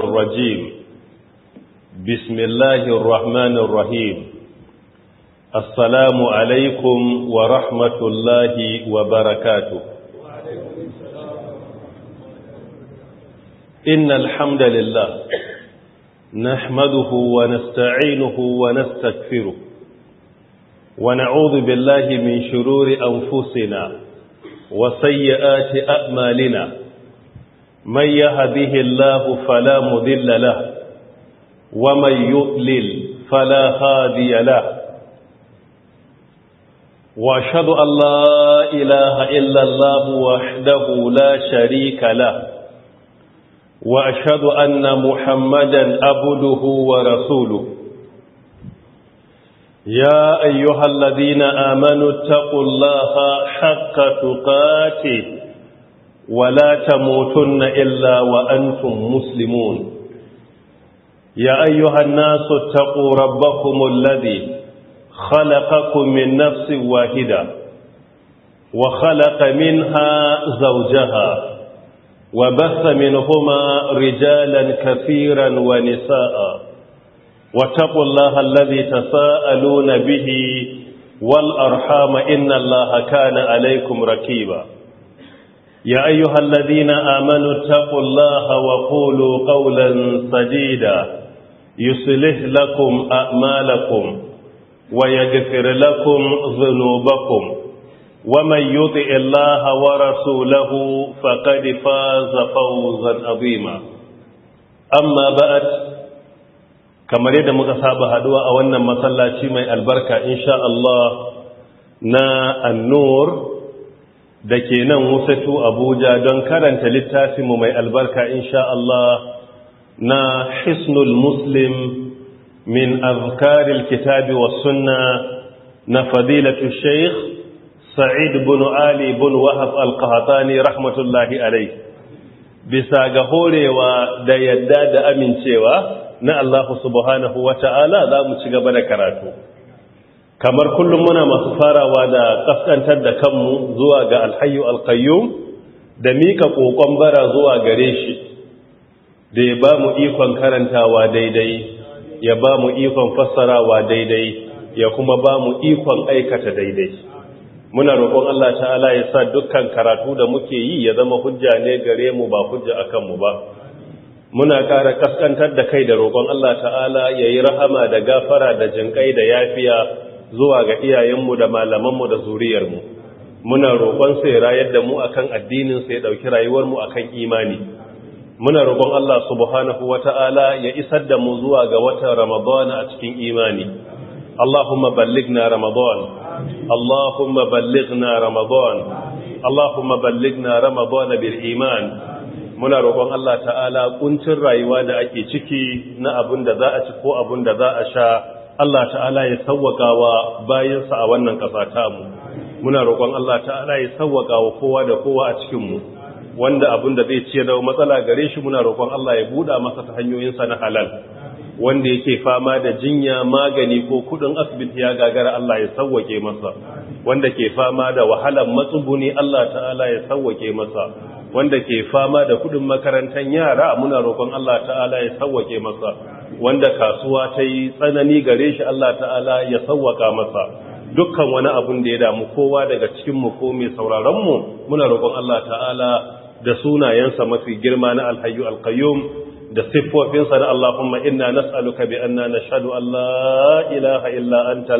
الرجيم بسم الله الرحمن الرحيم السلام عليكم ورحمة الله وبركاته إن الحمد لله نحمده ونستعينه ونستكفره ونعوذ بالله من شرور أنفسنا وسيئات أأمالنا من يهده الله فلا مذل له ومن يؤلل فلا هادي له وأشهد أن لا إله إلا الله وحده لا شريك له وأشهد أن محمدا عبده ورسوله يا أيها الذين آمنوا اتقوا الله حق تقاته wala ta motun na illa wa’antun muslimun ya ayyuhan nasu ta ƙorabba kuma lade khalakakun min nafsi wahida wa khalaka min ha zaujaha wa basa min huma rijalan kafiran wa nisa’a wa taƙullaha lade ta sa’alu na bihi wal’arhama inna Allah ha kana alaikum rakiba يا أيها الذين آمنوا اتقوا الله وقولوا قولا سديدا يصلح لكم أعمالكم ويغفر لكم ذنوبكم ومن يطع الله ورسوله فقد فاز فوزا عظيما أما بعد kamar yadda muka saba haduwa a wannan masallaci mai albarka insha Allah na annur da ke nan wusatu abuja don karanta littafinmu mai albarka insha'Allah na hisnul muslim min azkaril kitabi wa sunna na fadilatu sheikh sa'id bin ali bin wahab al rahmatullahi alayh bisa ga horewa da yadda da amincewa na Allah subhanahu wa ta'ala za mu ci gaba da karatu kamar kullum muna masu farawa da kaskantar da kanmu zuwa ga alhayu alkayyum da mika kokon bara zuwa gare shi da ya ba mu ikon karantawa daidai ya ba mu ikon fassarawa daidai ya kuma ba mu ikon aikata daidai muna roƙon Allah ta'ala ya sa dukkan karatu da muke yi ya zama hujja ne gare mu ba hujja akan mu ba muna ƙara kaskantar da kai da roƙon Allah ta'ala ya yi rahama da gafara da jinƙai da yafiya zuwa ga iyayenmu da malamanmu da zuriyarmu muna roƙon sai rayar da mu akan addinin sai ya dauki rayuwarmu akan imani muna roƙon Allah subhanahu wata'ala ya isar da mu zuwa ga watan Ramadan a cikin imani Allahumma ballighna na Allahumma ballighna Ramadan Allahumma ballighna Ramadan bil iman muna rokon Allah ta'ala ƙuncin rayuwa da ake ciki na abin da za a ci ko abin da za a sha Allah ta'ala ya sawwaka wa bayansa a wannan ƙasa ta mu muna roƙon Allah ta'ala ya sawwaka wa kowa da kowa a cikin mu wanda abin da zai ciye da matsala gare shi muna roƙon Allah ya buɗa masa ta sa na halal wanda yake fama da jinya magani ko kudin asibiti ya gagara Allah ya sawwake masa wanda ke fama da wahalan matsubuni Allah ta'ala ya sawwake masa wanda ke fama da kudin makarantar yara muna roƙon Allah ta'ala ya sawwake masa wanda kasuwa ta yi tsanani gare shi Allah ta'ala ya sauwaka masa dukkan wani abun da ya damu kowa daga cikinmu ko mai sauraronmu muna roƙon Allah ta'ala da sunayensa mafi girma na alhayu alkayyum da siffofinsa na Allahumma inna nas'aluka bi anna nashhadu an la ilaha illa anta.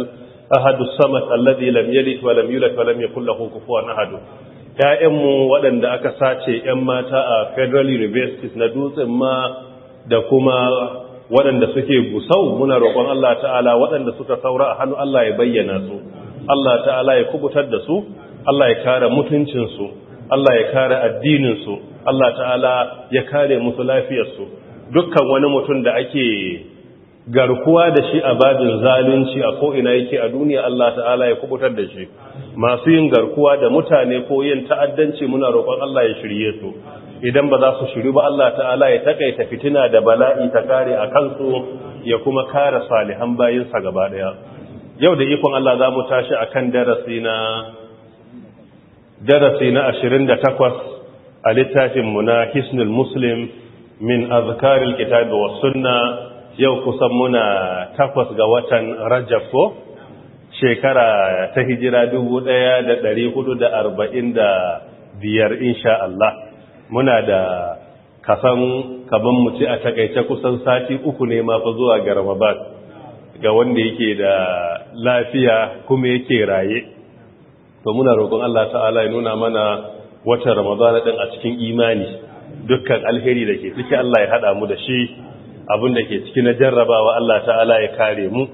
ahadu samad alladhi lam yalid wa lam yulad wa lam yakul lahu kufuwan ahad ƴaƴanmu waɗanda aka sace ƴan mata a Federal University na Dutsen ma da kuma waɗanda suke gusau muna roƙon Allah ta'ala waɗanda suka saura a hannu Allah ya bayyana su Allah ta'ala ya kubutar da su Allah ya kare mutuncinsu Allah ya kare addininsu Allah ta'ala ya kare musu lafiyarsu dukkan wani mutum da ake garkuwa da shi a babin zalunci a ko'ina yake a duniya Allah ta'ala ya kubutar da shi masu yin garkuwa da mutane ko yin ta'addanci muna roƙon Allah ya shirye su idan ba za su shiru ba Allah ta'ala ya takaita fitina da bala'i ta kare a kansu ya kuma kare salihan bayinsa gaba daya yau da ikon Allah za mu tashi a darasi na darasi na 28 a littafin mu na Hisnul Muslim min azkaril kitabu wa sunna yau kusan muna takwas ga watan Rajab ko shekara ta hijira 1445 insha Allah muna da kasan kaban mu ce a takaice kusan sati uku ne ma fa zuwa ga Ramadan ga wanda yake da lafiya kuma yake raye to muna roƙon Allah ta'ala ya nuna mana watan Ramadan din a cikin imani dukkan alheri da ke ciki Allah ya haɗa mu da shi abin da ke ciki na jarrabawa Allah ta'ala ya kare mu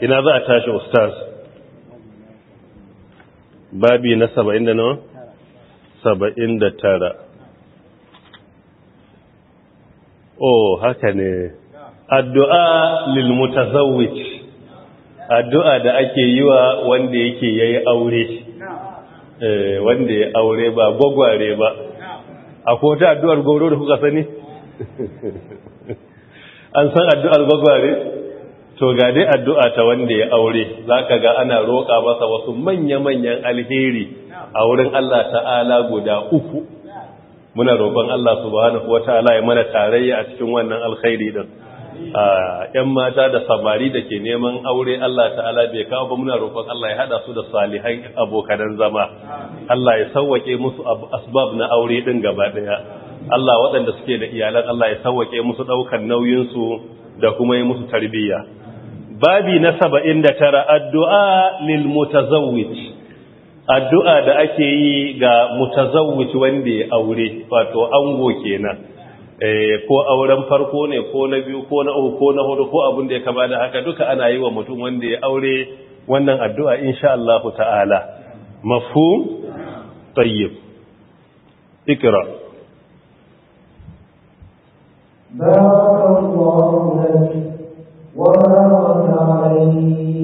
ina za a tashi ustaz babi na 70 nawa saba'in da tara oh haka ne addu'a lilmutazawwij addu'a da ake yi wa wanda yake yayi aure eh, wanda ya aure ba gwagware ba a kota addu'ar gwagware da kuka sani an san addu'ar gwagware to ga dai addu'a ta wanda ya aure za ka ga ana roƙa masa wasu manya-manyan alheri a wurin Allah ta'ala guda uku muna roƙon Allah subhanahu wataala ya mana tarayya a cikin wannan alkhairi din ‘yan mata da samari da ke neman aure Allah ta'ala bai kawo ba muna roƙon Allah ya haɗa su da salihan abokan zama Allah ya sauwake musu asbab na aure din gaba ɗaya Allah waɗanda suke da iyalan Allah ya sauwake musu ɗaukar nauyinsu da kuma yi musu tarbiyya babi na 79 tara addu'a lil mutazawwij addu'a da ake yi ga mutazawwij wanda ya aure wato ango kenan eh, ko auren farko ne ko na biyu ko na uku ko na hudu ko abin da ya kama da haka duka ana yi wa mutum wanda ya aure wannan addu'a insha Allah ta'ala mafhum tayyib ikra barakallahu laki wa baraka alayhi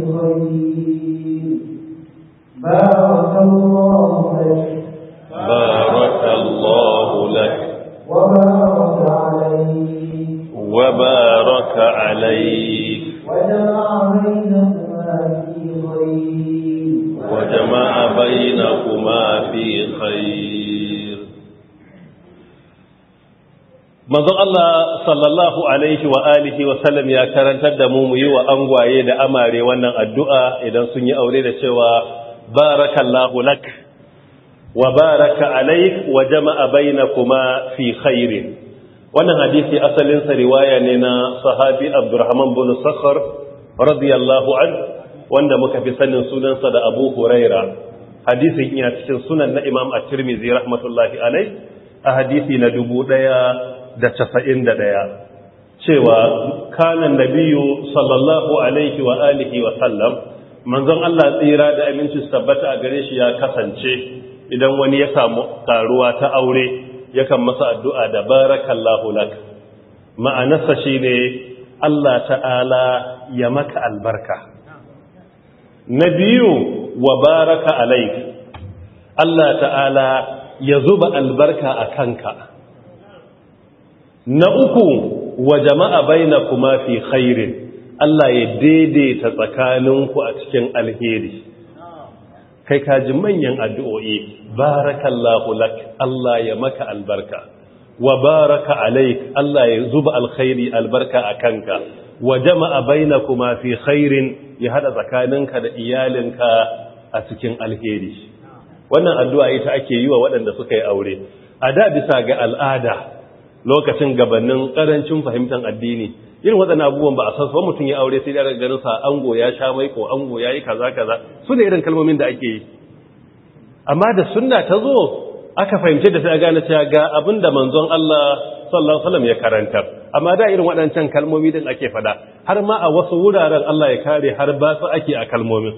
بارك الله لك وبارك عليك وجمع بينهما في خير وجمع بينهما في خير manzon Allah sallallahu alaihi wa alihi wa sallam ya karantar da mu mu yi wa angwaye da amare wannan addu'a idan sun yi aure da cewa barakallahu lak wa baraka alaik wa jama'a bainakuma fi khairin wannan hadisi asalin sa riwaya ne na sahabi Abdurrahman bin Sakhar radiyallahu an wanda muka fi sanin sunansa da Abu Huraira hadisin yana cikin sunan na Imam At-Tirmidhi rahmatullahi alaih, a hadisi na dubu ɗaya da casa'in da ɗaya cewa kanan biyu, sallallahu alaihi wa alihi wa sallam manzon Allah tsira da aminci tabbata a gare shi ya kasance idan wani ya samu karuwa ta aure yakan masa addu'a da barakallahu lak ma'anarsa shine Allah ta'ala ya maka albarka nabiyu wa baraka alaik Allah ta'ala ya zuba albarka a kanka na uku wa jama'a baina kuma fi khairin Allah ya daidaita tsakaninku a cikin alheri kai ka ji manyan addu'o'i barakallahu lak Allah ya maka albarka wa baraka alaik Allah ya zuba alkhairi albarka a kanka wa jama'a baina kuma fi khairin ya hada tsakaninka da iyalinka a cikin alheri wannan addu'a ita ake yi wa waɗanda suka yi aure a da bisa ga al'ada lokacin gabanin karancin fahimtar addini irin waɗannan abubuwan ba a san sabon mutum ya aure sai da ganin sa ango ya sha mai ko ango yi kaza kaza su ne irin kalmomin da ake yi amma da sunna ta zo aka fahimci da sai a gane cewa ga da manzon Allah sallallahu alaihi wasallam ya karanta amma da irin waɗancan kalmomi din ake fada har ma a wasu wuraren Allah ya kare har ba su ake a kalmomin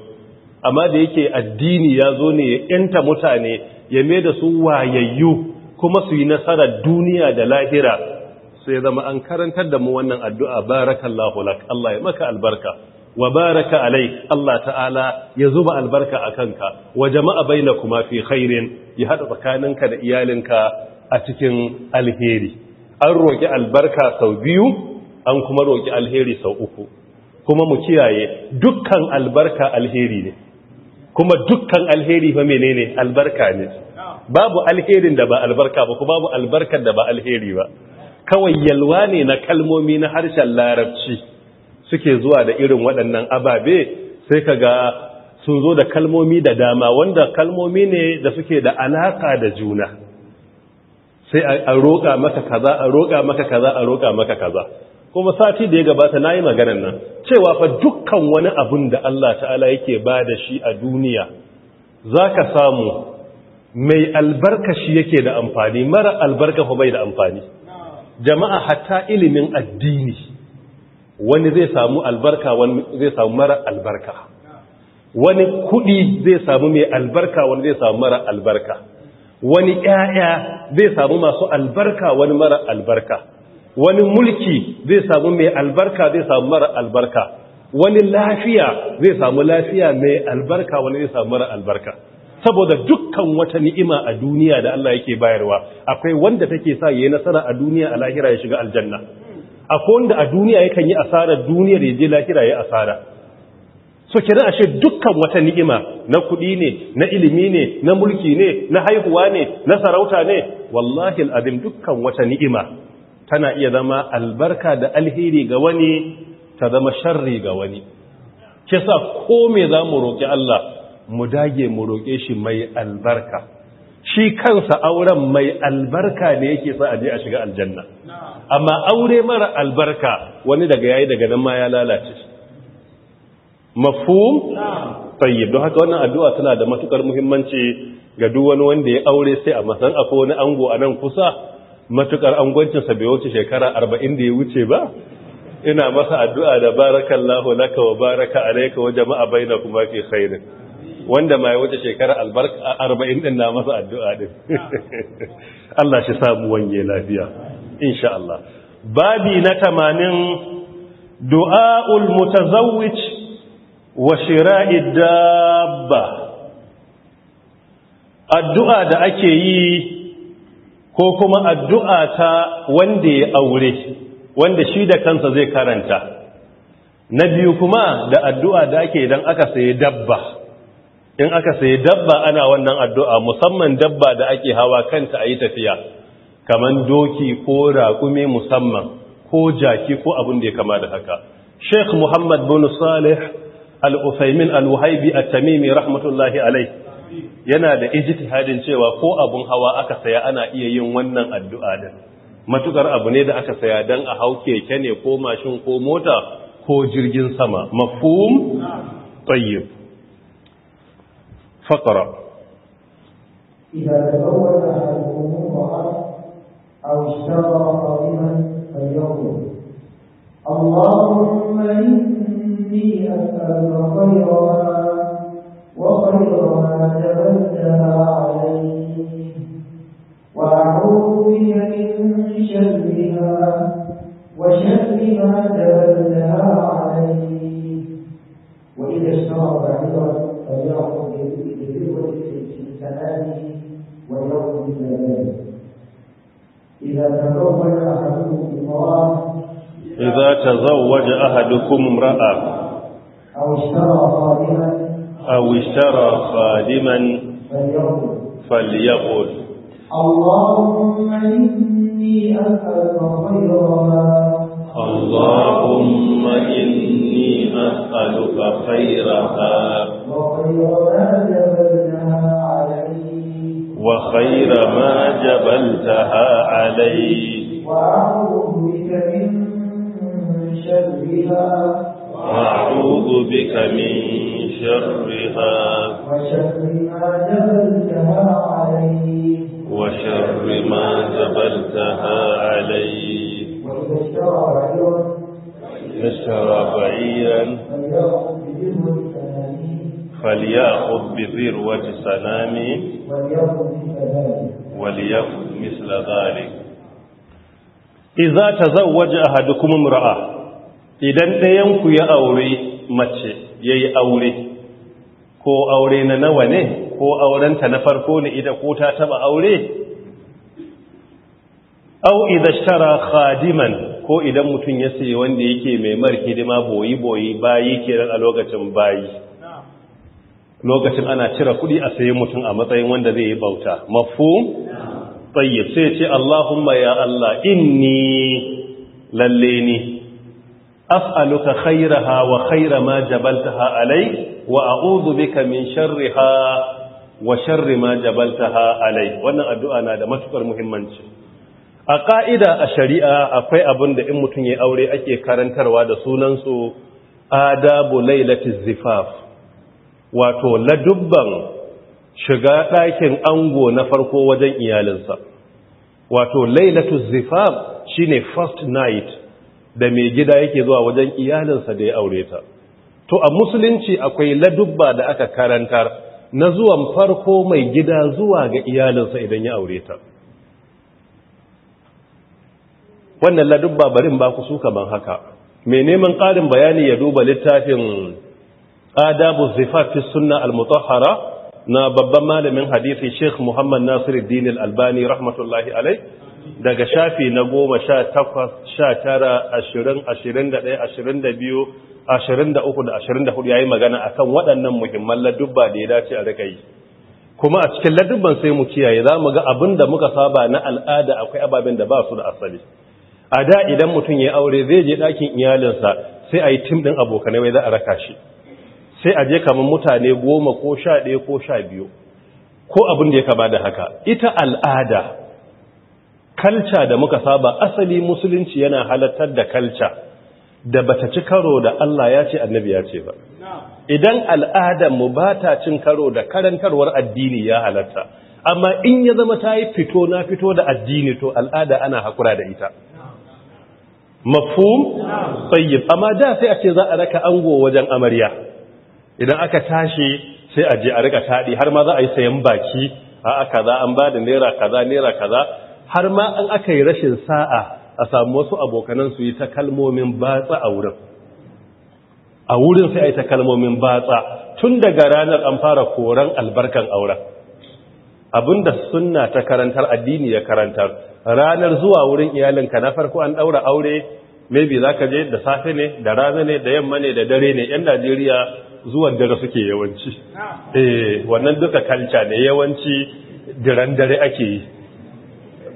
amma da yake addini ya zo ne ya yanta mutane ya mai da su wayayyu kuma su yi nasarar duniya da lahira sai zama an karantar da mu wannan addu'a barakallahu lak Allah ya maka albarka wa baraka alai Allah ta'ala ya zuba albarka a kanka wa jama'a kuma fi hairin ya haɗa tsakaninka da iyalinka a cikin alheri an roƙi albarka sau biyu an kuma roƙi alheri sau uku kuma mu kiyaye dukkan albarka alheri ne kuma dukkan alheri fa menene albarka ne babu alherin da ba albarka ba ko babu albarkar da ba alheri ba kawai yalwa ne na kalmomi na harshen larabci suke zuwa da irin waɗannan ababe sai ka ga sun zo da kalmomi da dama wanda kalmomi ne da suke da alaƙa da juna sai a roƙa maka kaza a roƙa maka kaza a roƙa maka kaza kuma sati da ya gabata na yi maganan nan cewa fa dukkan wani abun da Allah ta'ala yake ba da shi a duniya za ka samu mai albarka shi yake da amfani mara albarka fa bai da amfani jama'a hatta ilimin addini wani zai samu albarka wani zai samu mara albarka wani kudi zai samu mai albarka wani zai samu mara albarka wani ƴaƴa zai samu masu albarka wani mara albarka wani mulki zai samu mai albarka zai samu mara albarka wani lafiya zai samu lafiya mai albarka wani zai samu mara albarka saboda dukkan wata ni'ima a duniya da Allah yake bayarwa akwai wanda take sa yayi nasara a duniya a lahira ya shiga aljanna akwai wanda a duniya yakan yi asara, duniya ya je lahira ya asara so kenan ashe dukkan wata ni'ima na kuɗi ne na ilimi ne na mulki ne na haihuwa ne na sarauta ne wallahi alazim dukkan wata ni'ima tana iya zama albarka da alheri ga wani ta zama sharri ga wani kisa ko me zamu roki Allah mu dage mu roƙe shi mai albarka shi kansa auren mai albarka ne yake sa a aje a shiga aljanna amma aure mara albarka wani daga yayi daga nan ma ya lalace mafhum tayyib don haka wannan addu'a tana da matukar muhimmanci ga duk wani wanda ya aure sai a masan akwai wani ango a nan kusa matukar angoncin sa bai wuce shekara 40 da ya wuce ba ina masa addu'a da barakallahu laka wa baraka alayka wa jama'a kuma fi khairin wanda mai wata shekara albarka 40 din na masa addu'a din Allah shi samu wanye lafiya insha Allah babi na 80 du'aul mutazawwij wa shira'id dabba addu'a da ake yi ko kuma addu'a ta wanda ya aure wanda shi da kansa zai karanta na biyu kuma da addu'a da ake idan aka sayi dabba in aka sayi dabba ana wannan addu'a musamman dabba da ake hawa kanta a yi tafiya kamar doki ko raƙumi musamman ko jaki ko abin da ya kama da haka sheikh muhammad bin salih al-usaimin al at-tamimi rahmatullahi alai yana da ijtihadin cewa ko abin hawa aka saya ana iya yin wannan addu'a da matukar abu ne da aka saya don a hau keke ne ko mashin ko mota ko jirgin sama mafhum tayyib فقرأ إذا تزوج أحدكم امرأة أو اشترى قريبا فليقل اللهم إني أسألك خيرها وخير ما جبلتها علي وأعوذ بك من شرها وشر ما جبلتها علي وإذا اشترى بعيرا فليأخذ بذروة سنانه وليأخذ بذلك إذا تزوج أحدكم امرأة إذا تزوج أحدكم امرأة أو اشترى خادما أو اشترى خادما فليقل فليقل اللهم إني أسألك خير ما اللهم إني أسألك خيرها وخير ما جبلتها علي وأعوذ بك من شرها وأعوذ بك من شرها وشر ما جبلتها علي وشر ما جبلتها عليه وإذا اشترى بعيرا فليأخذ فليأخذ بذروة سنامه وليأخذ مثل ذلك إذا تزوج أحدكم امرأة idan ɗayanku ya aure mace ya yi aure ko aure na nawa ne ko aurenta na farko ne ida ko ta taba aure au idan shara khadiman ko idan mutum ya sayi wanda yake mai marhidima boyi-boyi bayi kiran a lokacin bayi lokacin ana cire kuɗi a sayi mutum a matsayin wanda zai yi bauta mafu tsayyar sai ce Allahumma ya Allah inni lalle ni af'aluka khairaha wa khaira ma jabaltaha alai wa a'udhu bika min sharriha wa sharri ma jabaltaha alai wannan addu'a na da matukar muhimmanci a ka'ida a shari'a akwai abin da in mutum ya aure ake karantarwa da sunan su adabu lailatiz zifaf wato ladubban shiga ɗakin ango na farko wajen iyalinsa wato lailatu zifab shine first night da mai gida yake zuwa wajen iyalinsa da ya aure ta to a musulunci akwai ladubba da aka karantar na zuwan farko mai gida zuwa ga iyalinsa idan ya aure ta wannan ladubba barin ba ku su kaman haka mai neman ƙarin bayani ya duba littafin adabu zifaf fi sunna al na babban malamin hadisi Sheikh Muhammad Nasiru, Al-Albani rahmatullahi alai daga shafi na sha takwas, sha tara, ashirin, ashirin da ya yi magana akan waɗannan muhimman ladubba da ya dace a rika yi kuma a cikin ladubban sai mu kiyaye za mu ga abin da muka saba na al'ada akwai ababen da ba su da asali a da idan mutum ya aure zai je ɗakin iyalinsa sai a yi tim ɗin abokanai wai za a raka shi sai a je kamar mutane goma ko sha ɗaya ko sha biyu ko abin da ya kaba da haka ita al'ada kalca da muka saba asali musulunci yana halattar da kalca da bata ci karo da Allah ya ce annabi ya ce ba idan al'adarmu ba ta cin karo da karantarwar addini ya halatta amma in ya zama ta yi fito na fito da addini to al'ada ana hakura da ita mafhum tsayyib amma da sai a ce za a raka ango wajen amarya idan aka tashi sai a je a rika taɗi har ma za a yi sayan baki a kaza an ba da naira kaza naira kaza har ma an aka yi rashin sa'a a samu wasu abokanan su yi ta kalmomin batsa a wurin a wurin sai a yi ta kalmomin batsa tun daga ranar an fara koran albarkan auren abinda sunna ta karantar addini ya karantar ranar zuwa wurin iyalinka na farko an daura aure maybe zaka je da safe ne da rana ne da yamma ne da dare ne yan Najeriya zuwan dare suke yawanci eh wannan duka kalca ne yawanci diran dare ake yi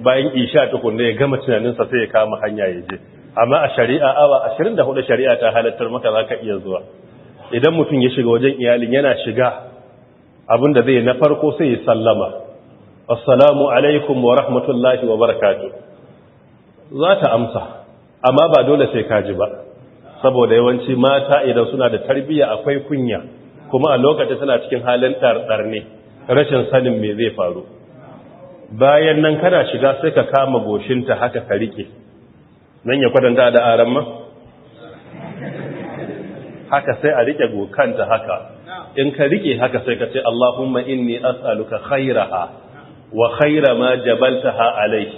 bayan isha tukunna ya gama tunaninsa sai ya kama hanya ya je amma a shari'a awa 24 shari'a ta halattar maka zaka ka iya zuwa idan mutum ya shiga wajen iyalin yana shiga abin zai na farko sai ya sallama assalamu alaikum wa rahmatullahi wa barakatuh za ta amsa amma ba dole sai ka ji ba saboda yawanci mata idan suna da tarbiyya akwai kunya kuma a lokacin suna cikin halin ɗarɗar ne rashin sanin me zai faru bayan nan kana shiga sai ka kama goshinta haka ka rike nan ya kwadanta da aran ma haka sai a rike gokanta haka in ka rike haka sai ka ce Allahumma inni as'aluka khairaha wa khaira ma jabaltaha alayhi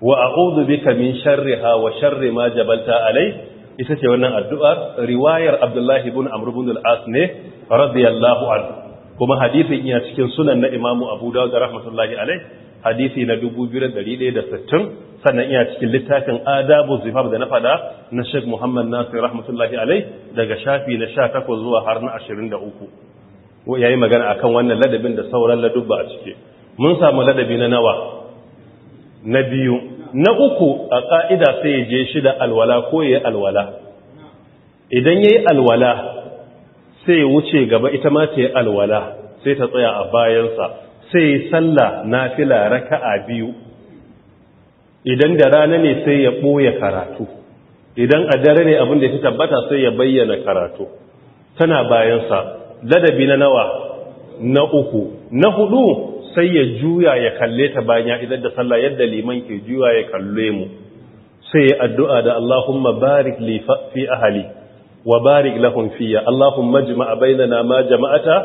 wa a'udhu bika min sharriha wa sharri ma jabaltaha alayhi ita ce wannan addu'ar riwayar abdullahi ibn amrubun al'as ne radiyallahu anhu kuma hadisin iya cikin sunan na imamu abu dawud rahmatullahi alai hadisi na 2160 sannan iya cikin littafin adabu zifab da na fada na sheikh muhammad nasir rahmatullahi alai daga shafi na 18 zuwa har na 23 yayi magana akan wannan ladabin da sauran ladubba a cike mun samu ladabi na nawa na biyu na uku a ƙa'ida sai ya je shi da alwala ko ya alwala idan ya alwala sai ya wuce gaba ita ma ta yi alwala sai ta tsaya a bayansa sai ya salla na fila raka a biyu idan da rana ne sai ya ɓoye karatu idan a dare ne abin da ya tabbata sai ya bayyana karatu tana bayansa ladabi na nawa na uku na hudu sai ya juya ya kalle ta bayan idan da sallah yadda liman ke juya ya kalle mu sai ya addu'a da Allahumma barik li fi ahli wa barik lahum fiya Allahumma jama'a bainana ma jama'ata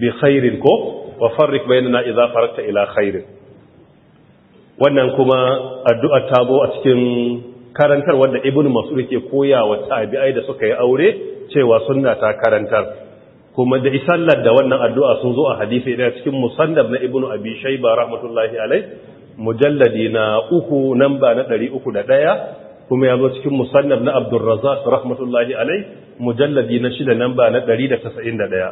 bi khairin ko wa farrik bainana idza farakta ila khairin wannan kuma addu'a ta zo a cikin karantar wanda Ibn mas'ud ke koya wa tabi'ai da suka yi aure cewa sunna ta karantar kuma da isallar da wannan addu'a sun zo a hadisi da cikin musannaf na ibnu abi shayba rahmatullahi alai mujalladi na uku namba na 301 kuma ya zo cikin musannaf na abdurrazak rahmatullahi alai mujalladi na shida namba na ɗaya.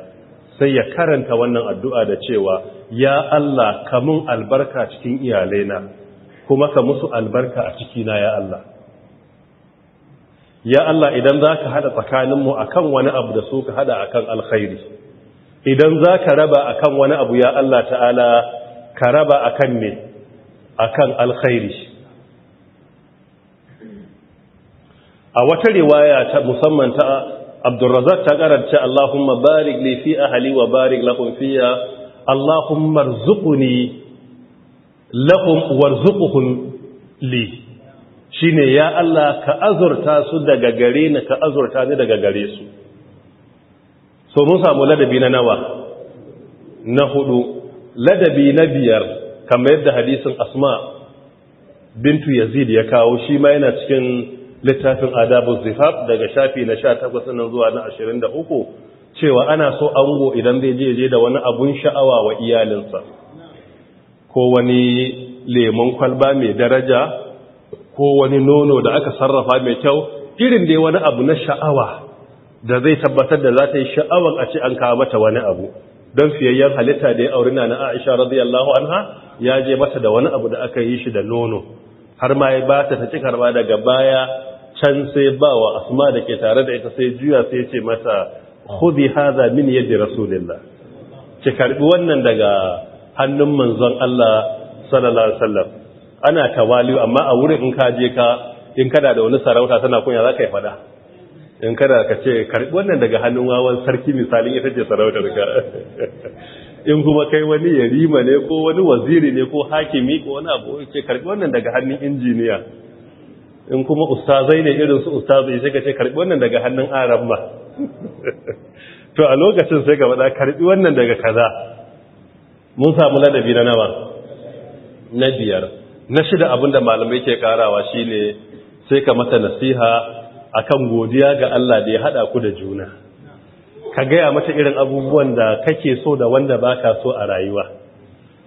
sai ya karanta wannan addu'a da cewa ya Allah kamun albarka cikin iyalaina kuma ka musu albarka a cikina ya Allah ya Allah idan za ka haɗa tsakaninmu a kan wani abu da su ka haɗa a kan alkhairi idan za ka raba a kan wani abu ya Allah ta'ala ka raba a kan ne a kan alkhairi a wata riwaya ta musamman ta abdurrazak ta karanta Allahumma barik li fi ahli wa barik lahum fiya Allahumma rzuquni lahum warzuqhum li shine ya Allah ka azurta su daga gare ni ka azurta ni daga gare su so mun samu ladabi na nawa na hudu ladabi na biyar kamar yadda hadisin asma bintu yazid ya kawo shi ma yana cikin littafin adabu zifab daga shafi na sha takwas nan zuwa na ashirin da uku. cewa ana so ango idan zai je je da wani abun sha'awa wa iyalinsa ko wani lemon kwalba mai daraja ko wani nono da aka sarrafa mai kyau irin dai wani abu na sha'awa da zai tabbatar da za ta yi sha'awar a ce an kawo mata wani abu don fiyayyar halitta da ya auri na na aisha radiyallahu anha ya je mata da wani abu da aka yi shi da nono har ma ya ba ta ta cikar ba daga baya can sai ba wa asma da ke tare da ita sai juya sai ce mata hudi haza min yadda rasulillah ki karbi wannan daga hannun manzon Allah sallallahu ana tawali amma a wurin in ka je ka in kada da wani sarauta tana kunya za ka yi fada in kada ka ce karbi wannan daga hannun wawan sarki misalin ita ce sarautar ka in kuma kai wani yarima ne ko wani waziri ne ko hakimi ko wani abu ce karbi wannan daga hannun injiniya in kuma ustazai ne irin su ustazai sai ka ce karbi wannan daga hannun arabba to a lokacin sai ka faɗa karbi wannan daga kaza mun samu ladabi na nawa na biyar na shida abinda malamai ke karawa shine sai ka mata nasiha a kan godiya ga Allah da ya hada ku da juna ka gaya mata irin abubuwan da kake so da wanda baka so a rayuwa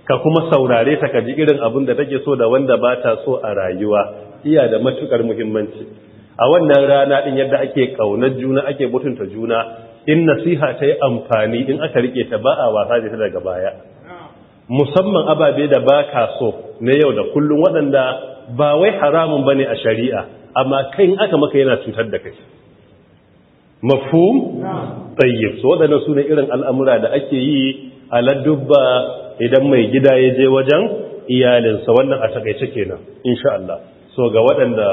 ka kuma saurare ta kaji irin abin da take so da wanda bata so a rayuwa iya da matukar muhimmanci a wannan rana din yadda ake kaunar juna ake mutunta juna in nasiha ta yi amfani in aka rike ta ba a wasa da ta daga baya musamman ababe da baka so na yau da kullum waɗanda ba wai haramun ba ne a shari'a amma kai aka maka yana cutar da kai mafhum tayyib so su ne irin al'amura da ake yi a ladubba idan mai gida ya je wajen iyalinsa wannan a takaice kenan insha Allah so ga waɗanda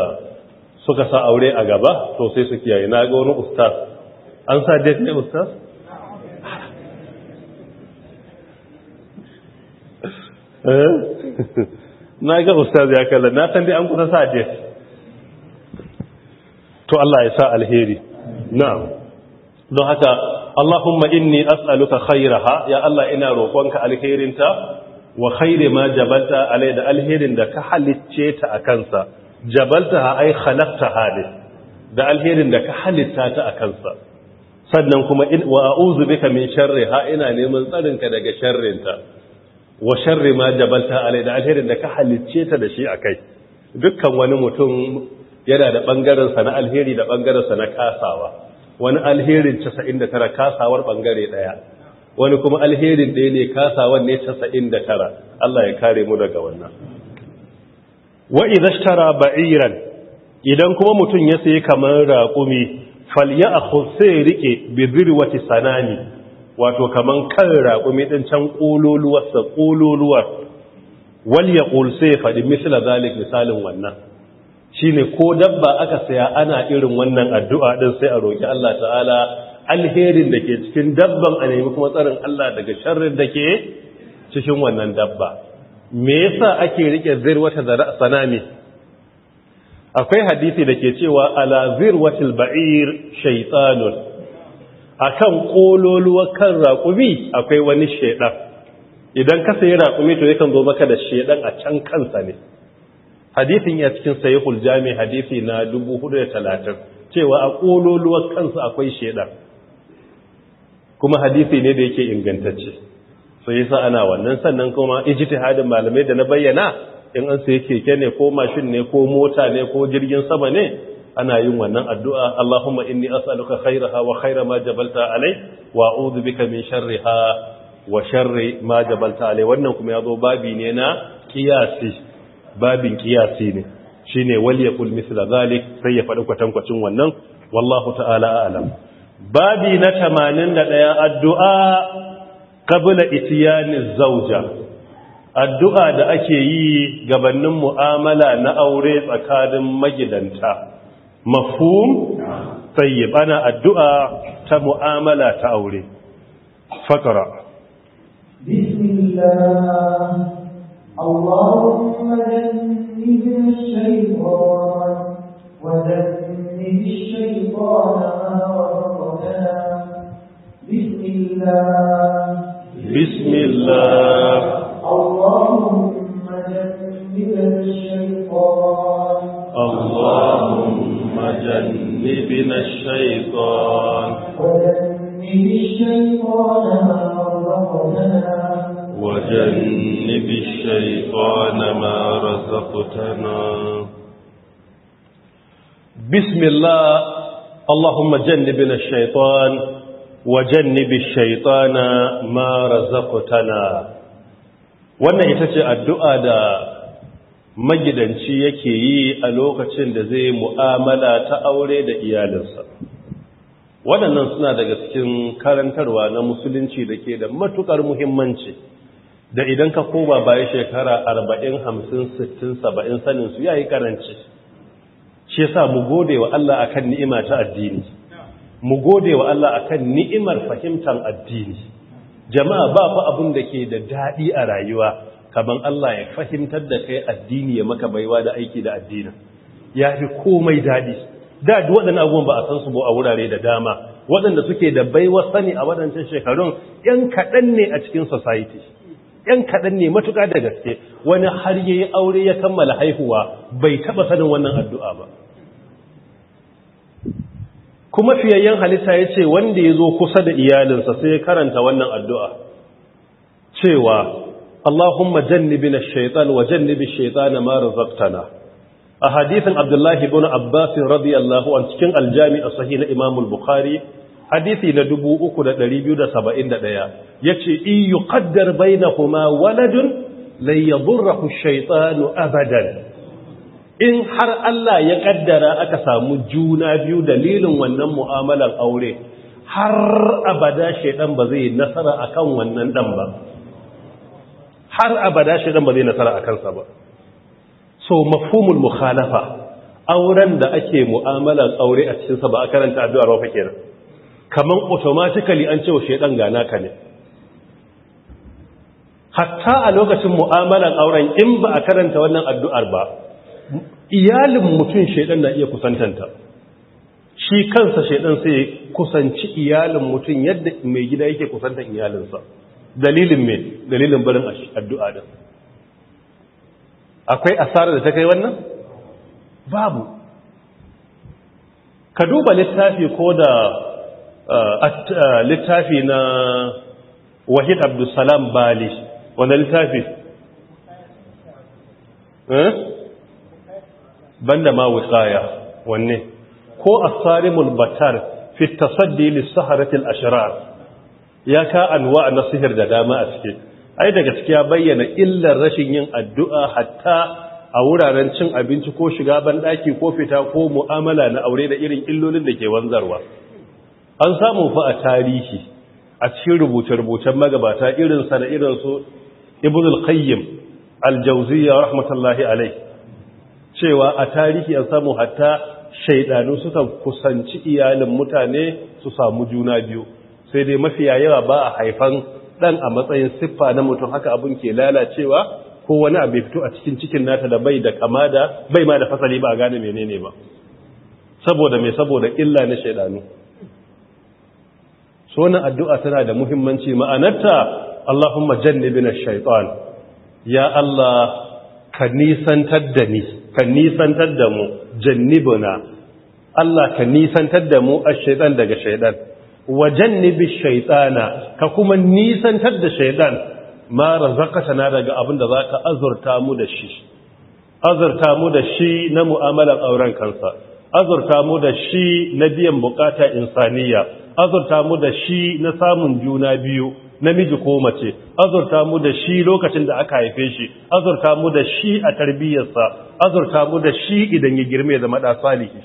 suka sa aure a gaba to sai su kiyaye na ga wani ustaz an sa date ne ustaz Eh? na ga ustaz ya kalla na san dai an kusa sa to Allah ya sa alheri na'am don haka Allahumma inni as'aluka khairaha ya Allah ina roƙonka alherinta wa khairi ma jabalta alai da alherin da ka halicce ta a kansa jabalta ai khalaqta hadi da alherin da ka halitta ta a kansa sannan kuma wa a'udhu bika min sharriha ina neman tsarinka daga sharrinta wa sharri ma jabalta alai da alherin da ka halicce ta da shi akai dukkan wani mutum yana da bangaren sa na alheri da bangaren sa na kasawa wani alherin 99 kasawar bangare daya wani kuma alherin ɗaya yake kasawan ne 99 Allah ya kare mu daga wannan wa idhashtara ba'iran idan kuma mutum ya sayi kamar raƙumi falya sai rike bi sanani wato kaman kan raƙumi ɗin can ƙololuwarsa ƙololuwar wal ya sai ya faɗi misla zalik misalin wannan shine ko dabba aka saya ana irin wannan addu'a din sai a roƙi Allah ta'ala alherin da ke cikin dabban a nemi kuma tsarin Allah daga sharrin da ke cikin wannan dabba me yasa ake riƙe zirwata da ne? akwai hadisi da ke cewa ala zirwatil ba'ir shaitanun a kan kololuwar kan raƙumi akwai wani shedan idan ka sayi raƙumi to yakan zo maka da shedan a can kansa ne Hadithin ya cikin sahihul huljami hadithi na 430 cewa a kololuwar kansa akwai shedan kuma hadithi ne da yake ingantacce sai yasa ana wannan sannan kuma ijtihadin malamai da na bayyana in an sai keke ne ko mashin ne ko mota ne ko jirgin sama ne ana yin wannan addu'a Allahumma inni as'aluka khairaha wa khaira ma jabalta alai wa a'udhu bika min sharriha wa sharri ma jabalta alai wannan kuma yazo babi ne na kiyasi babin kiyasi ne shine wal yaqul mithla zalik sai ya faɗi kwatankwacin wannan wallahu ta'ala a'lam babi na ɗaya addu'a qabla itiyanin zauja, addu'a da ake yi gabannin mu'amala na aure tsakanin magidanta مفهوم طيب أنا الدعاء تمؤاملة تأولي فقرا بسم الله اللهم ذنبني من الشيطان وذنبني الشيطان وفقنا بسم الله بسم الله اللهم ذنبني من وجنبنا الشيطان وجنب الشيطان ما رزقتنا وجنب الشيطان ما رزقتنا بسم الله اللهم جنبنا الشيطان وجنب الشيطان ما رزقتنا wannan ita ce magidanci yake yi a lokacin da zai mu'amala ta aure da iyalinsa waɗannan suna daga cikin karantarwa na musulunci da ke da matuƙar muhimmanci da idan ka koma bayan shekara 40 50 60 saba'in, sanin su yayi karanci shi yasa mu gode wa Allah akan ni'ima ta addini mu gode wa Allah akan ni'imar fahimtar addini jama'a ba fa abin da ke da daɗi a rayuwa kaman Allah ya fahimtar da kai addini ya maka baiwa da aiki da addinin ya fi komai daɗi da duk waɗannan abubuwan ba a san su ba a wurare da dama waɗanda suke da baiwa sani a waɗancan shekarun ‘yan kaɗan ne a cikin society ‘yan kaɗan ne matuƙa da gaske wani har ya yi aure ya kammala haihuwa bai taɓa sanin wannan addu'a ba kuma fiyayyen halitta ya ce wanda ya zo kusa da iyalinsa sai ya karanta wannan addu'a cewa اللهم جنبنا الشيطان وجنب الشيطان ما رزقتنا أحاديث عبد الله بن عباس رضي الله عنه cikin aljami'a sahi na Imam al-Bukhari hadisi na 3271 yace in yuqaddar bainahuma waladun la yadurruhu ash-shaytanu abadan in har Allah ya kaddara aka samu juna biyu dalilin wannan mu'amalar aure har abada shaytan ba zai nasara akan wannan dan ba har abada shi dan ba zai nasara a kansa ba so mafhumul mukhalafa auren da ake mu'amalan aure a cikinsa ba a karanta addu'ar wafa kenan kaman automatically an cewa shedan gana ka ne hatta a lokacin mu'amalan auren in ba a karanta wannan addu'ar ba iyalin mutum shedan na iya kusantanta shi kansa shedan sai kusanci iyalin mutum yadda mai gida yake kusantan iyalinsa dalilin me dalilin barin addu'a din akwai asarar da ta kai wannan babu ka duba littafi ko da littafi na wahid abdulsalam bali wanda littafi eh? banda ma wikaya wanne ko asarimul batar fi tasaddi lissaharati al-ashrar ya ka anwa na sihir da dama a ciki ai daga ya bayyana illar rashin yin addu'a hatta a wuraren cin abinci ko shiga banɗaki ko fita ko mu'amala na aure da irin illolin da ke wanzarwa an samu fa a tarihi a cikin rubuce-rubucen magabata irinsa da irinsu ibn al-qayyim al-jawziyya rahmatullahi alai cewa a tarihi an samu hatta shaidanu sukan kusanci iyalin mutane su samu juna biyu sai dai mafiya yawa ba a haifan dan a matsayin siffa na mutum haka abun ke lalacewa ko wani abu fito a cikin cikin nata da bai da kama da bai ma da fasali ba a gane menene ba saboda mai saboda illa na shaidanu so na addu'a tana da muhimmanci ma'anarta Allahumma jannibina shaitan ya Allah ka nisantar da ni ka nisantar da mu jannibuna Allah ka nisantar da mu ash-shaytan daga shaytan Wajen nibi shaitana ka kuma nisantar da mara zakata na daga abin da zaka azurta mu da shi azurta mu da shi na mu'amalar auren kansa azurta mu da shi na biyan bukata insaniya azurta mu da shi na samun juna biyu namiji ko mace azurta mu da shi lokacin da aka haife shi azurta mu da shi a tarbiyyarsa azurta mu da shi idan ya girme zama ɗa salihi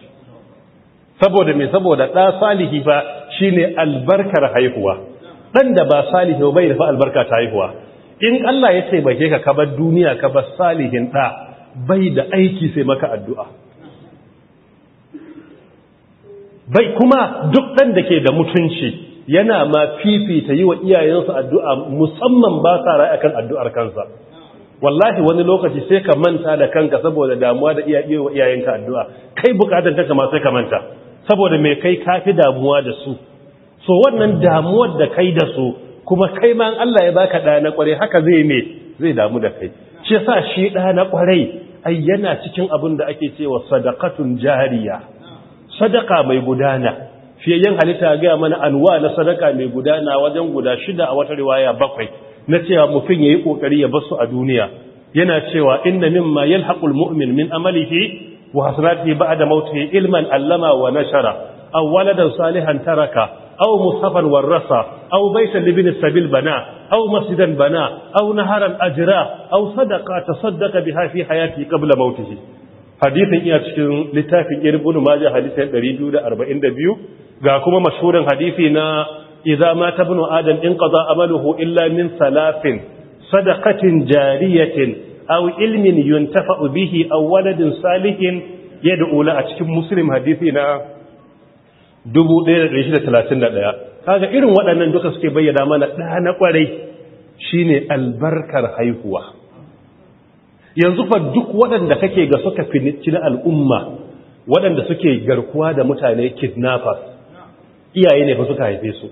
saboda me saboda ɗa salihi ba Shi ne albarkar haihuwa ɗan da ba salihu bai da fa albarka ta haihuwa in Allah ya ce bake ka kaba duniya ka bar salihin ɗa, bai da aiki sai maka addu'a bai kuma duk ɗan da ke da mutunci yana ma fifita yi wa iyayensu addu'a musamman ba sa rai akan addu'ar kansa wallahi wani lokaci sai ka manta da kanka saboda damuwa da iyayenka addu'a kai bukatar ta kama sai ka manta saboda mai kai kafi damuwa da su so wannan damuwar da kai da su kuma kai ma Allah ya baka ɗa na kwarai haka zai ne zai damu da kai shi yasa shi ɗa na kwarai ai yana cikin abin da ake cewa sadaqatun jariya sadaka mai gudana yan halitta ga mana anwa na sadaka mai gudana wajen guda shida a wata riwaya bakwai na cewa mutum yayi kokari ya basu a duniya yana cewa inna mimma yalhaqul mu'min min amalihi wa hasanati da mautihi ilman allama wa nashara aw waladan salihan taraka aw mushafan warrasa. aw baytan libin sabil bana aw masjidan bana aw naharan ajra aw sadaqa tasaddaqa biha fi hayati kabla mautihi hadisin iya cikin littafin ibn majah hadisin 242 ga kuma mashurin hadisi na idza mata ibn adam in inqada amaluhu illa min salafin sadaqatin jariyatin aw ilmin yuntafa'u bihi aw waladin salihin yad'u la a cikin muslim hadisi na 1231 kaga irin waɗannan duka suke bayyana mana da na kwarai shine albarkar haihuwa yanzu fa duk waɗanda kake ga suka finici na al'umma waɗanda suke garkuwa da mutane kidnappers iyaye ne fa suka haife su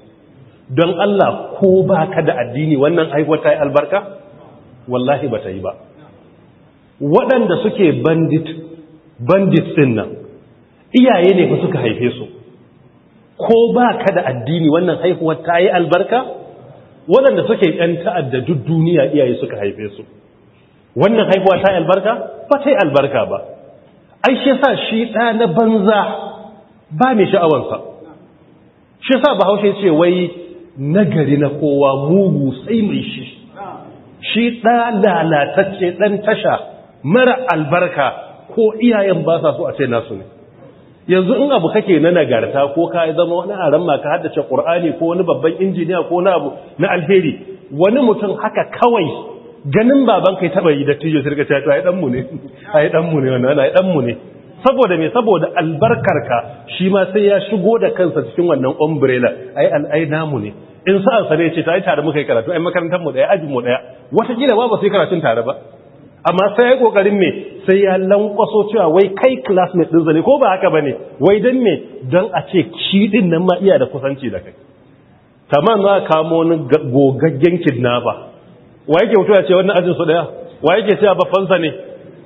don Allah ko ba ka da addini wannan haihuwa ta yi albarka wallahi ba ta yi ba waɗanda suke bandit bandit ɗin nan iyaye ne ba suka haife su ko ba ka da addini wannan haihuwar ta yi albarka waɗanda suke ɗan ta'adda duk duniya iyaye suka haife su wannan haihuwa ta yi albarka ba ta yi albarka ba ai shi sa shi ɗa na banza ba mai sha'awansa shi sa bahaushe ce wai nagari na kowa mugu sai mai shi shi ɗa lalatacce ɗan tasha mara albarka ko iyayen ba sa so a ce nasu ne yanzu in abu kake na nagarta ko ka zama wani haram ma ka haddace qur'ani ko wani babban injiniya ko wani abu na alheri wani mutum haka kawai ganin baban kai taba yi da tijo sirka ka a ai dan mu ne ai dan mu ne wannan ai dan mu ne saboda me saboda albarkar ka shi ma sai ya shigo da kansa cikin wannan umbrella ai al'ada. namu ne in sa'an sa ne ce ta yi tare muka yi karatu ai makarantar mu daya ajin mu daya wata gida ba ba su yi karatun tare ba amma sai ya kokarin me sai ya lankwaso cewa wai kai classmate din zane ko ba haka bane wai dan me dan a ce shi din nan ma iya da kusanci da kai tamam na kamo wani gogaggen ba. wa yake ya ce wannan ajin su daya wa yake cewa bafansa ne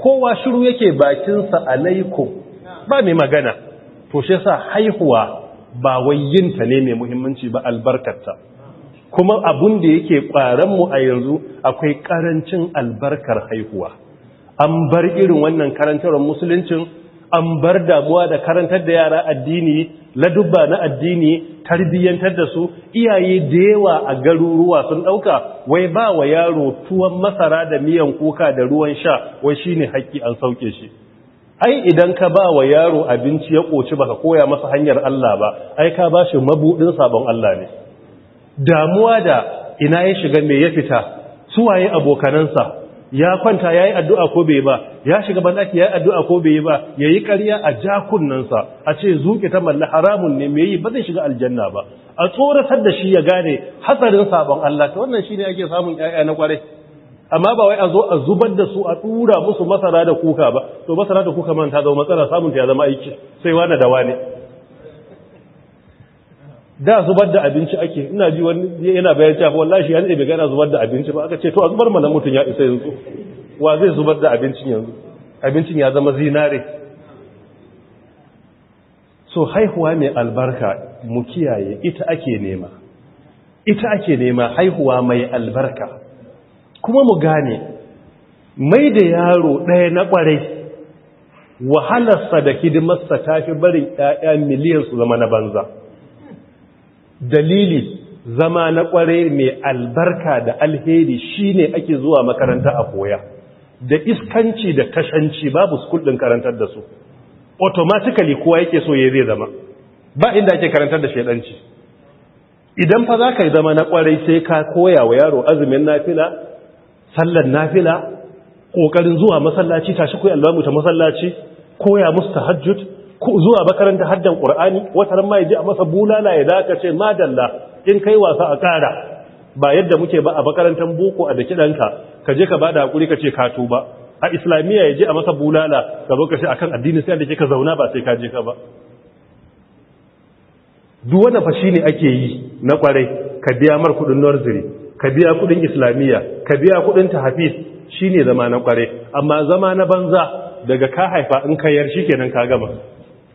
kowa shiru yake bakinsa alaikum ba mai magana to shi yasa haihuwa ba wai yinta ne mai muhimmanci ba albarkarta kuma abun da yake mu a yanzu akwai karancin albarkar haihuwa an bar irin wannan karantar musuluncin an bar damuwa da karantar da yara addini ladubba na addini tarbiyyantar da su iyaye da yawa a garuruwa sun ɗauka. wai ba wa yaro tuwon masara da miyan kuka da ruwan sha wai shi ne haƙƙi an sauke shi ai idan ka ba wa yaro abinci ya koci baka koya masa hanyar Allah ba ai ka bashi mabuɗin sabon Allah ne damuwa da ina ya shiga mai ya fita su waye abokanansa ya kwanta ya yi addu'a ko bai ba ya shiga ya yi addu'a ko bai ba ya yi karya a jakunansa a ce zuke ta malla haramun ne me yi ba zai shiga aljanna ba a tsoratar da shi ya gane hatsarin sabon Allah ta wannan shine ake samun 'ya'ya na kwarai amma ba wai a zo a zubar da su a tura musu masara da kuka ba to masara da kuka man ta zama matsala samun ta ya zama aiki sai wani da wani da zubar da abinci ake ina ji wani yana bayan cewa wallahi ya ne bai gana zubar da abinci ba aka ce to a zubar mana mutum ya isa yanzu wa zai zubar da abincin yanzu abincin ya zama zinare so haihuwa mai albarka mu kiyaye ita ake nema ita ake nema haihuwa mai albarka kuma mu gane mai da yaro ɗaya na ƙwarai wahalarsa da hidimarsa ta fi barin 'ya'ya miliyan su zama na banza dalili zama na ƙware mai albarka da alheri shine ake zuwa makaranta a koya da iskanci da tashanci babu skuldin karantar da su automatically kowa yake so ya zai zama ba inda ake karantar da shedanci idan fa za ka zama na kwarai sai ka koya wa yaro azumin nafila sallar nafila ƙoƙarin zuwa masallaci tashi koyi albamu ta masallaci koya musu tahajjud zuwa makaranta haddan qur'ani wata ma yaji a masa bulala ya zaka ce madalla in kai wasa a kara ba yadda muke ba a makarantar boko a daki danka ka je ka bada hakuri ka ce ka tuba a islamiyya yaji a masa bulala ka zo ka ce akan addini sai da kika zauna ba sai ka je ka ba duk wanda fa shine ake yi na kwarai ka biya mar kudin nursery ka biya kudin islamiyya ka biya kudin tahfiz shine zama na kwarai amma zama na banza daga ka haifa in ka yar shikenan ka gama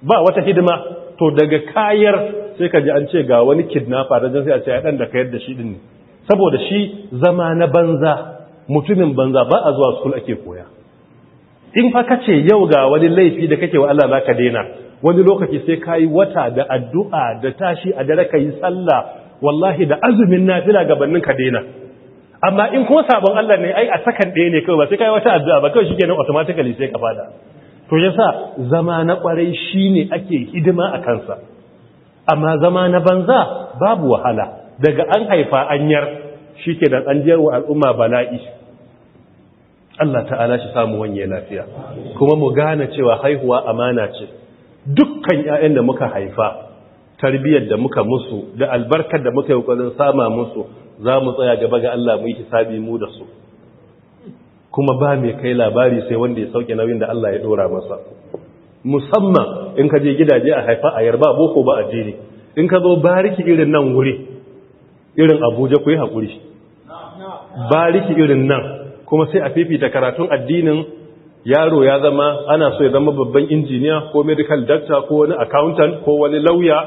ba wata hidima to daga kayar sai ka ji an ce ga wani kidnapper da jinsi a ce ya dan da kayar da shi din saboda shi zama na banza mutumin banza ba a zuwa school ake koya in fa ka ce yau ga wani laifi da kake wa Allah zaka daina wani lokaci sai kai wata da addu'a da tashi a dare kai sallah wallahi da azumin nafila gabanin ka daina amma in kuma sabon Allah ne ai a sakan ɗaya ne kawai ba sai kai wata addu'a ba kawai shikenan automatically sai ka fada to yasa zama na kwarai ne ake hidima a kansa amma zama na banza babu wahala daga an haifa anyar ke da an wa al'umma bala'i Allah ta'ala shi samu wanye lafiya kuma mu gane cewa haihuwa amana ce dukkan 'ya'yan da muka haifa tarbiyyar da muka musu da albarkar da muka yi ƙoƙarin sama musu za mu tsaya gaba ga Allah mu yi hisabi mu da su kuma ba mai kai labari sai wanda ya sauke nauyin da Allah ya dora masa musamman in ka je gidaje a haifa a yarba boko ba a jini in ka zo bariki irin nan wuri irin abuja ku yi haƙuri bariki irin nan kuma sai a fifita karatun addinin yaro ya zama ana so ya zama babban injiniya ko medical doctor ko wani accountant ko wani lauya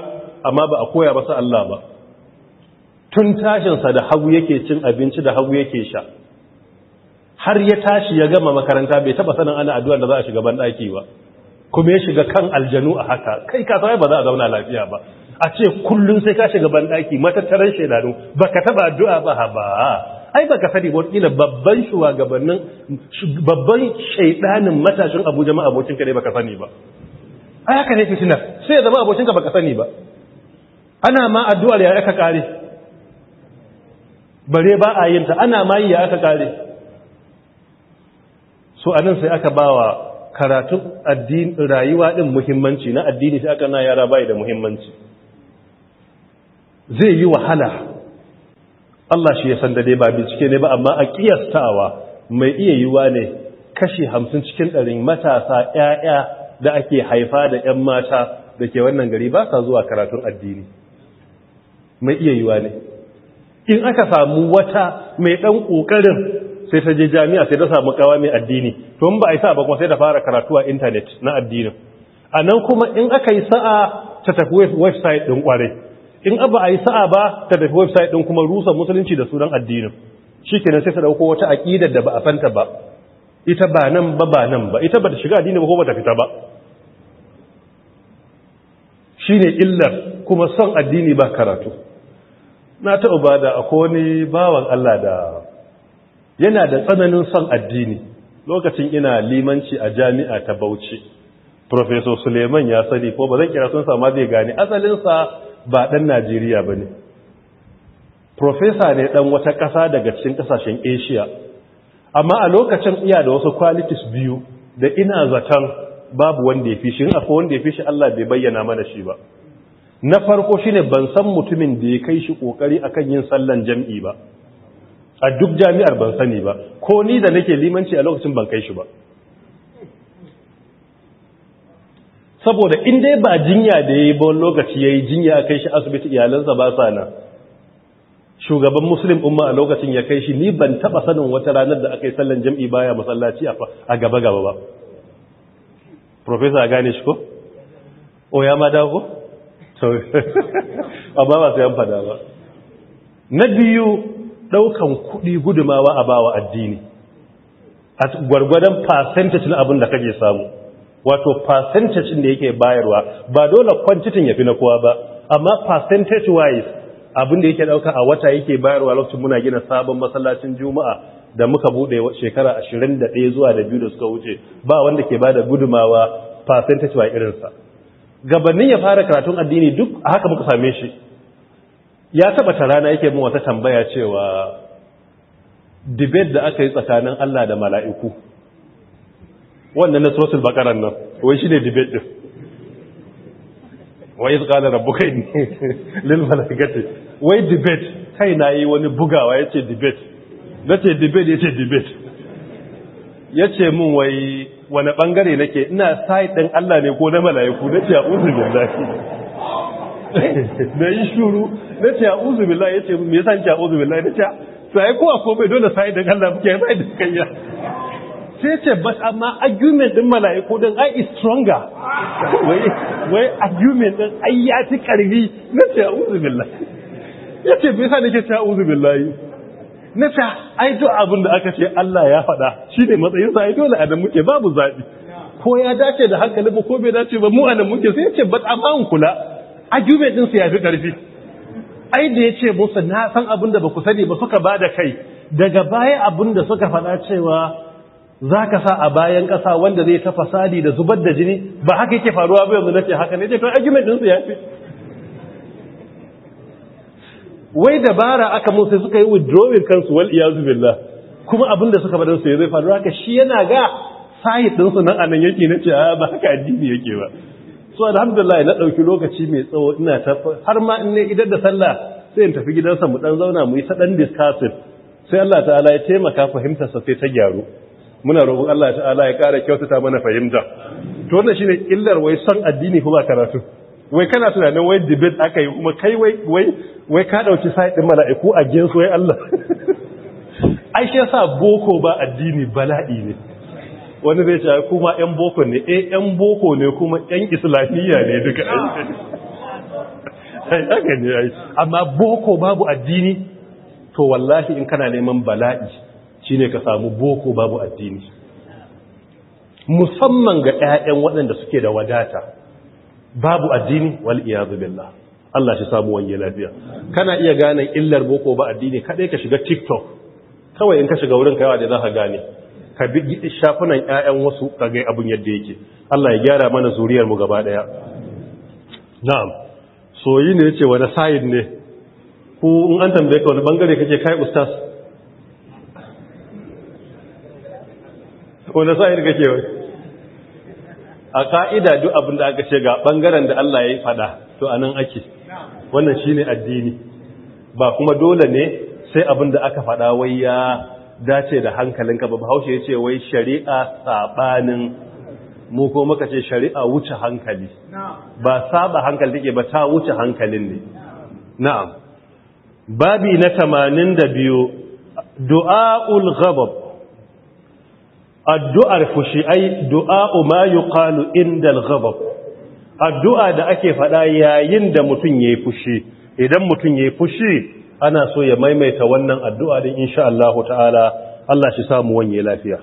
amma ba a koya ba sa Allah ba tun tashinsa da hagu yake cin abinci da hagu yake sha har ya tashi ya gama makaranta bai taba sanin ana addu'ar da za a shiga ban daki ba kuma ya shiga kan aljanu a haka kai ka sai ba za a zauna lafiya ba a ce kullun sai ka shiga ban daki matattaran shedanu baka taba addu'a ba haba ai baka sani ba kila babban shugabannin babban shaidanin matashin Abuja ma abokin ka ne baka sani ba ai haka ne fitina sai ya zama abokin ka baka sani ba ana ma addu'ar ya aka kare bare ba a yin ta ana ma yi ya aka kare so anan sai aka bawa karatun addini rayuwa din muhimmanci na addini sai aka na yara bai da muhimmanci zai yi wahala Allah shi ya san da dai ba bincike ne ba amma a kiyastawa mai iya yiwa ne kashi 50 cikin ɗarin matasa ƴaƴa da ake haifa da ƴan mata da ke wannan gari ba sa zuwa karatun addini mai iya yiwa ne in aka samu wata mai ɗan ƙoƙarin sai ta je jami'a sai ta samu kawa mai addini to ba a yi sa ba kuma sai ta fara karatu a intanet na addinin a nan kuma in aka yi sa'a ta tafi website ɗin ƙwarai in ba a yi sa'a ba ta tafi website ɗin kuma rusa musulunci da sunan addinin shi kenan sai ta ɗauko wata aƙidar da ba a fanta ba ita ba nan ba ba nan ba ita ba ta shiga addini ba ko ba ta fita ba shi ne illar kuma son addini ba karatu na taɓa ba da akwai wani bawan Allah da yana da tsananin son addini lokacin ina limanci a jami'a ta Bauchi Professor Suleiman ya sani ko ba zan kira sunsa ma zai gane asalinsa ba dan Najeriya ba ne. Professor ne dan wata ƙasa daga cikin ƙasashen Asia, amma a lokacin iya da wasu qualities biyu da ina zaton babu wanda ya fi shi, akwai wanda ya fi shi Allah bai bayyana mana shi ba. Na farko shine ban san mutumin da ya kai shi kokari akan yin sallan jam'i ba. a duk jami'ar ban sani ba ko ni da nake limanci a lokacin ban kai shi ba saboda in dai ba jinya da yayi yi lokaci yayi jinya a kai shi asibiti iyalansa ba sa na, shugaban muslim umma a lokacin ya kai shi ni ban taba sanin wata ranar da aka yi sallan jam'i baya masallaci a gaba gaba ba profesa gane shi ko? o ya ma dawo ko? amma ba sai an fada ba na biyu Daukan kuɗi gudumawa a bawa addini a gwargwadon percentage na abin da kake samu wato percentage da yake bayarwa ba dole kwantitin ya fi na kowa ba amma percentage wise abin da yake ɗauka a wata yake bayarwa lokacin muna gina sabon masallacin juma'a da muka buɗe shekara 21 zuwa da biyu da suka wuce ba wanda ke bada gudumawa percentage wa irinsa gabanin ya fara karatun addini duk haka muka same shi ya taɓa tarana yake mun wata tambaya cewa debate da aka yi tsakanin Allah da mala'iku wannan na suratul bakaran nan wai shi ne debate din wai iz qala rabbuka ne, lil malaikati wai debate kai na yi wani bugawa yace debate nace debate yace debate yace mun wai wani bangare nake ina side din Allah ne ko na malaiku nace a uzu billahi na yi shuru na ce a'udhu billahi ce me yasa ce a'udhu billahi na ce sai ko ko bai dole sai da Allah muke sai da kayya sai ce but amma argument din mala'iku din ai is stronger wai wai argument din ai ya ci karfi na ce uzu billahi ce me yasa nake ce uzu billahi na ce ai duk abin da aka ce Allah ya faɗa shine matsayin sa yi dole a dan muke babu zabi ko ya dace da hankali ba ko bai dace ba mu a nan muke sai ce but amma kula argument din sai ya fi karfi ai da ce musu na san abin da ba ku sani ba suka bada kai daga baya abin da suka fada cewa zaka sa a bayan ƙasa wanda zai ta fasadi da zubar da jini ba haka yake faruwa ba yanzu nake haka ne dai to argument din su fi. wai dabara aka mun sai suka yi withdrawing kansu wal iyazu billah kuma abin da suka faɗa su zai faruwa ka shi yana ga sahih din su nan anan yake nace a ba haka addini yake ba so alhamdulillah na ɗauki lokaci mai tsawo ina ta har ma in ne idan da sallah sai in tafi gidansa mu ɗan zauna mu yi ta ɗan discussion sai Allah ta'ala ya taimaka fahimtarsa sai ta gyaru muna roƙon Allah ta'ala ya ƙara kyautata mana fahimta to wannan shine illar wai son addini kuma karatu wai kana tunanin wai debate aka yi kuma kai wai wai wai ka dauki side din mala'iku a gensu wai Allah ai shi yasa boko ba addini bala'i ne wani zai ce kuma yan boko ne eh yan boko ne kuma yan islamiyya ne duka ah. amma boko babu addini to wallahi in kana neman bala'i shine ka samu boko babu addini musamman ga ƴaƴan waɗanda suke da wadata babu addini wal iyad billah Allah shi samu wange lafiya kana iya gane illar boko ba addini kadai ka shiga tiktok kawai in ka shiga wurin kaiwa da za ka gane ka bi shafunan ƴaƴan wasu ka gai abin yadda yake Allah ya gyara mana zuriyar mu gaba daya na'am soyi ne yace wani side ne ku in an tambaye ka wani bangare kake kai ustaz wani side kake wai a ka'ida duk abin da aka ce ga bangaren da Allah ya yi fada to anan ake wannan shine addini ba kuma dole ne sai abin da aka fada wai ya dace da hankalinka ba bahaushe ya ce wai shari'a saɓanin mu ko muka ce shari'a wuce hankali ba saba hankali take ba ta wuce hankalin ne na'am babi na tamanin da biyu du'a'ul ghadab addu'ar fushi ai du'a'u ma yuqalu indal ghadab addu'a da ake faɗa yayin da mutum yayi fushi idan mutum yayi fushi ana so ya maimaita wannan addu'a din insha Allah ta'ala Allah shi samu wanye lafiya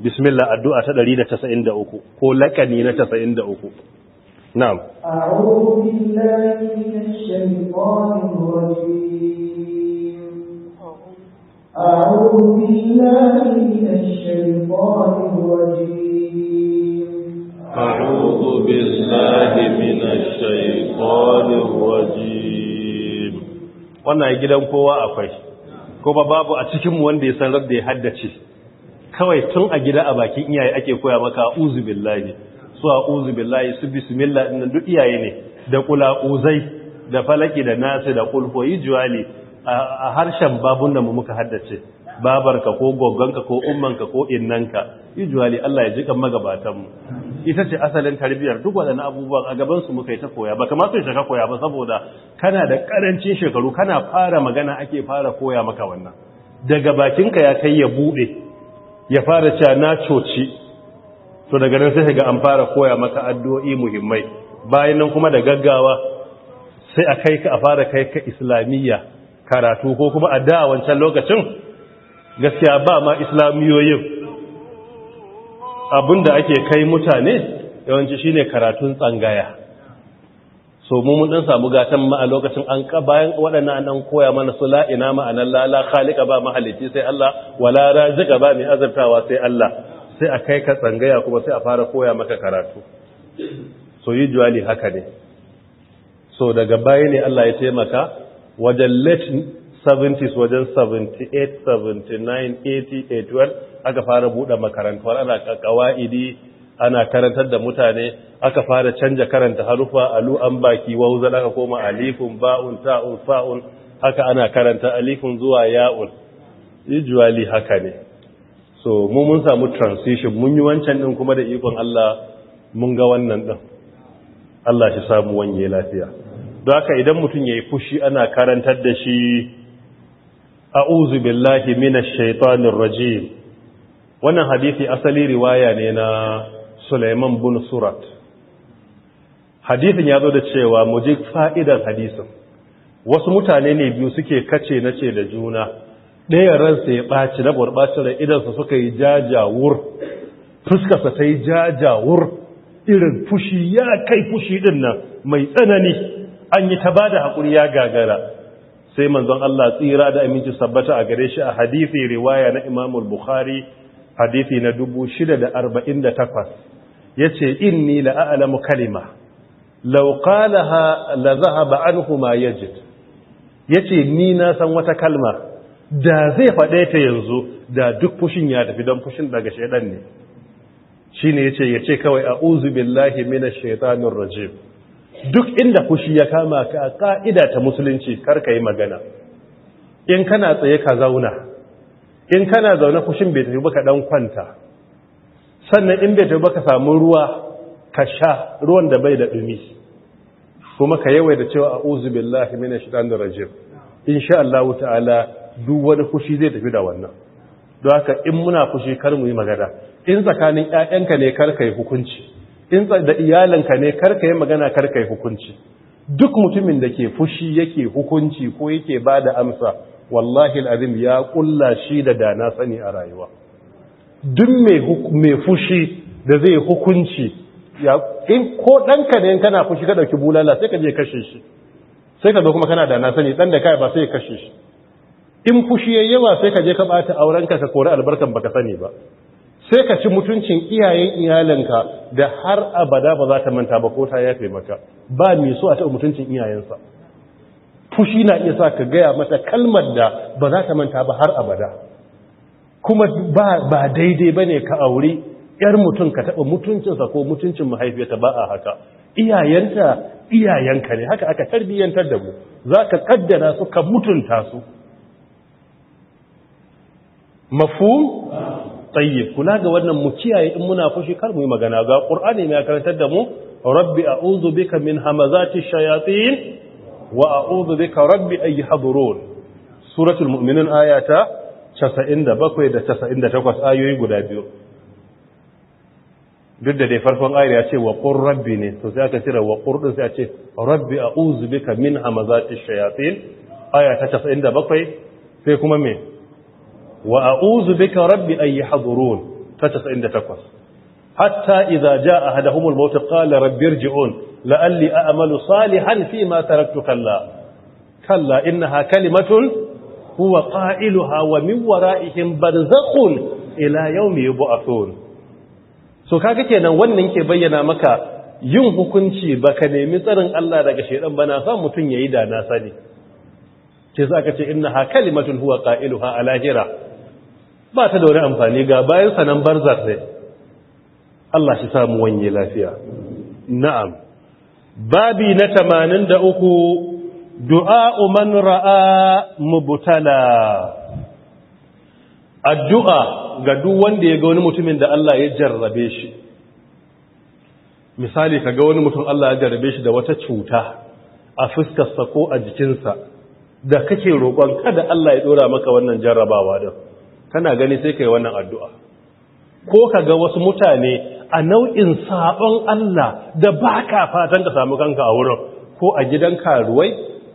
bismillah addu'a ta ɗari casa'in da uku, ko laƙani na 93 na'am a'udhu billahi minash shaitanir rajim a'udhu billahi minash shaitanir rajim a'udhu billahi minash shaitanir rajim wannan ya gidan kowa akwai kuma babu a cikinmu wanda ya san rabda ya haddace kawai tun a gida a bakin iyaye ake koya maka uzu billahi su a billahi su bismillah ɗin duk iyaye ne da kula uzai da falaki da nasu da yi juwali a harshen babun da mu muka haddace babarka ko gogganka ko ummanka ko innanka juwali Allah ya ji magabatan magabatanmu ita ce asalin tarbiyyar duk waɗannan abubuwan a gabansu muka yi ta koya ba kamar sun shaka koya ba saboda kana da ƙarancin shekaru kana fara magana ake fara koya maka wannan daga bakin ka ya kai ya buɗe ya fara cewa na coci to daga nan sai ga an fara koya maka addu'o'i muhimmai bayan nan kuma da gaggawa sai a kai ka a fara kai ka islamiyya karatu ko kuma a da wancan lokacin gaskiya ba ma islamiyoyin da ake kai mutane yawanci shi ne karatun tsangaya so mu mun dan samu gatan ma a lokacin an ka bayan waɗannan an koya mana su la ina ma'anan la la khaliqa ba mahalici sai Allah wala raziqa ba mai azabtawa sai Allah sai a kai ka tsangaya kuma sai a fara koya maka karatu so yi juwali haka ne so daga baya ne Allah ya taimaka wajen 70s wajen 78 79 80 81 aka fara buɗe makarantuwar ana kawa'idi ana karantar da mutane aka fara canja karanta harufa alu an baki wauzan aka koma alifun ba'un ta'un fa'un haka ana karanta alifun zuwa ya'un usually haka ne so mu mun samu transition mun yi wancan ɗin kuma da ikon Allah mun ga wannan din Allah shi samu wanye lafiya don haka idan mutum ya yi fushi ana karantar da shi a'udhu billahi minash shaitanir rajim wannan hadisi asali riwaya ne na Sulaiman bin Surat hadisin ya zo da cewa mu ji fa'idar hadisin wasu mutane ne biyu suke kace nace da juna ɗaya ransa ya ɓaci na gurɓacin da idansa suka yi jajawur fuskarsa ta yi jajawur irin fushi ya kai fushi ɗin nan mai tsanani an yi ta ba da haƙuri ya gagara sai manzon Allah tsira da aminci sabbata a gare shi a hadithi riwaya na Imam al-Bukhari hadithi na 648 yace inni la a'lamu kalima law qalaha la dhahaba anhu ma yajid yace ni na san wata kalma da zai fade ta yanzu da duk fushin ya tafi don fushin daga shaydan ne shine yace yace kawai a'udhu billahi minash shaitanir rajim duk inda kushi ya kama ka ka'ida ta musulunci karka yi magana in kana tsaye ka zauna in kana zauna kushin bai tafi baka dan kwanta sannan in bai tafi baka samu ruwa ka sha ruwan da bai da dumi kuma ka yawai da cewa a'udhu billahi minash shaitanir rajim insha Allah ta'ala duk wani kushi zai tafi da wannan don haka in muna kushi kar mu yi magana in tsakanin ƴaƴanka ne kar ka yi hukunci in da iyalinka ne karka yi magana karka yi hukunci duk mutumin da ke fushi yake hukunci ko yake ba da amsa wallahi al'azim ya kulla shi da dana sani a rayuwa duk mai fushi da zai hukunci in ko ɗanka ne kana fushi ka ɗauki bulala sai ka je kashe shi sai ka zo kuma kana dana sani ɗan da kai ba sai kashe shi in fushi yayi yawa sai ka je ka bata aurenka ka kori albarkan baka sani ba sai ka ci mutuncin iyayen iyalinka da har abada ba za ta manta ba ko ta fi maka ba mai so a taɓa mutuncin iyayensa fushi na iya sa ka gaya mata kalmar da ba za ta manta ba har abada kuma ba daidai ba ne ka auri ‘yar mutum ka taɓa mutuncinsa ko mutuncin mahaifiyarta ba a haka iyayenta iyayenka ne haka aka tarbiyyantar da mu za ka ƙaddara su ka mutunta su mafhum tayyib kula ga wannan mu kiyaye in muna fushi kar mu yi magana ga qur'ani mai karantar da mu rabbi a'udhu bika min hamazati shayatin wa a'udhu bika rabbi an yahdurun suratul mu'minun ayata 97 da 98 ayoyi guda biyu duk da dai farkon ayar ya ce wa qur rabbi ne to sai aka cire wa qur din sai a ce rabbi a'udhu bika min hamazati shayatin ayata 97 sai kuma me wa a'udhu bika rabbi an yahdurun ta 98 hatta idza jaa ahaduhumul maut qala rabbi irji'un la'alli a'malu salihan fi ma taraktu kalla kalla innaha kalimatun huwa qailuha wa min wara'ihim barzakhun ila yawmi yub'athun so kaga kenan wannan ke bayyana maka yin hukunci baka nemi tsarin Allah daga shedan bana mutum mutun yayi da na sani za ka ce innaha kalimatun huwa qailuha a lahira ba ta da wani amfani ga bayan sanan barzak ne Allah shi samu wanye lafiya na'am babi na tamanin da uku, du'a man ra'a mubtala addu'a ga duk wanda ya ga wani mutumin da Allah ya jarrabe shi misali ka ga wani mutum Allah ya jarrabe shi da wata cuta a fuskarsa ko a jikinsa da kake roƙon kada Allah ya ɗora maka wannan jarrabawa din kana gani sai ka yi wannan addu'a ko ka ga wasu mutane a nau'in sabon Allah da ba ka fatan ka samu kanka a wurin ko a gidan karuwai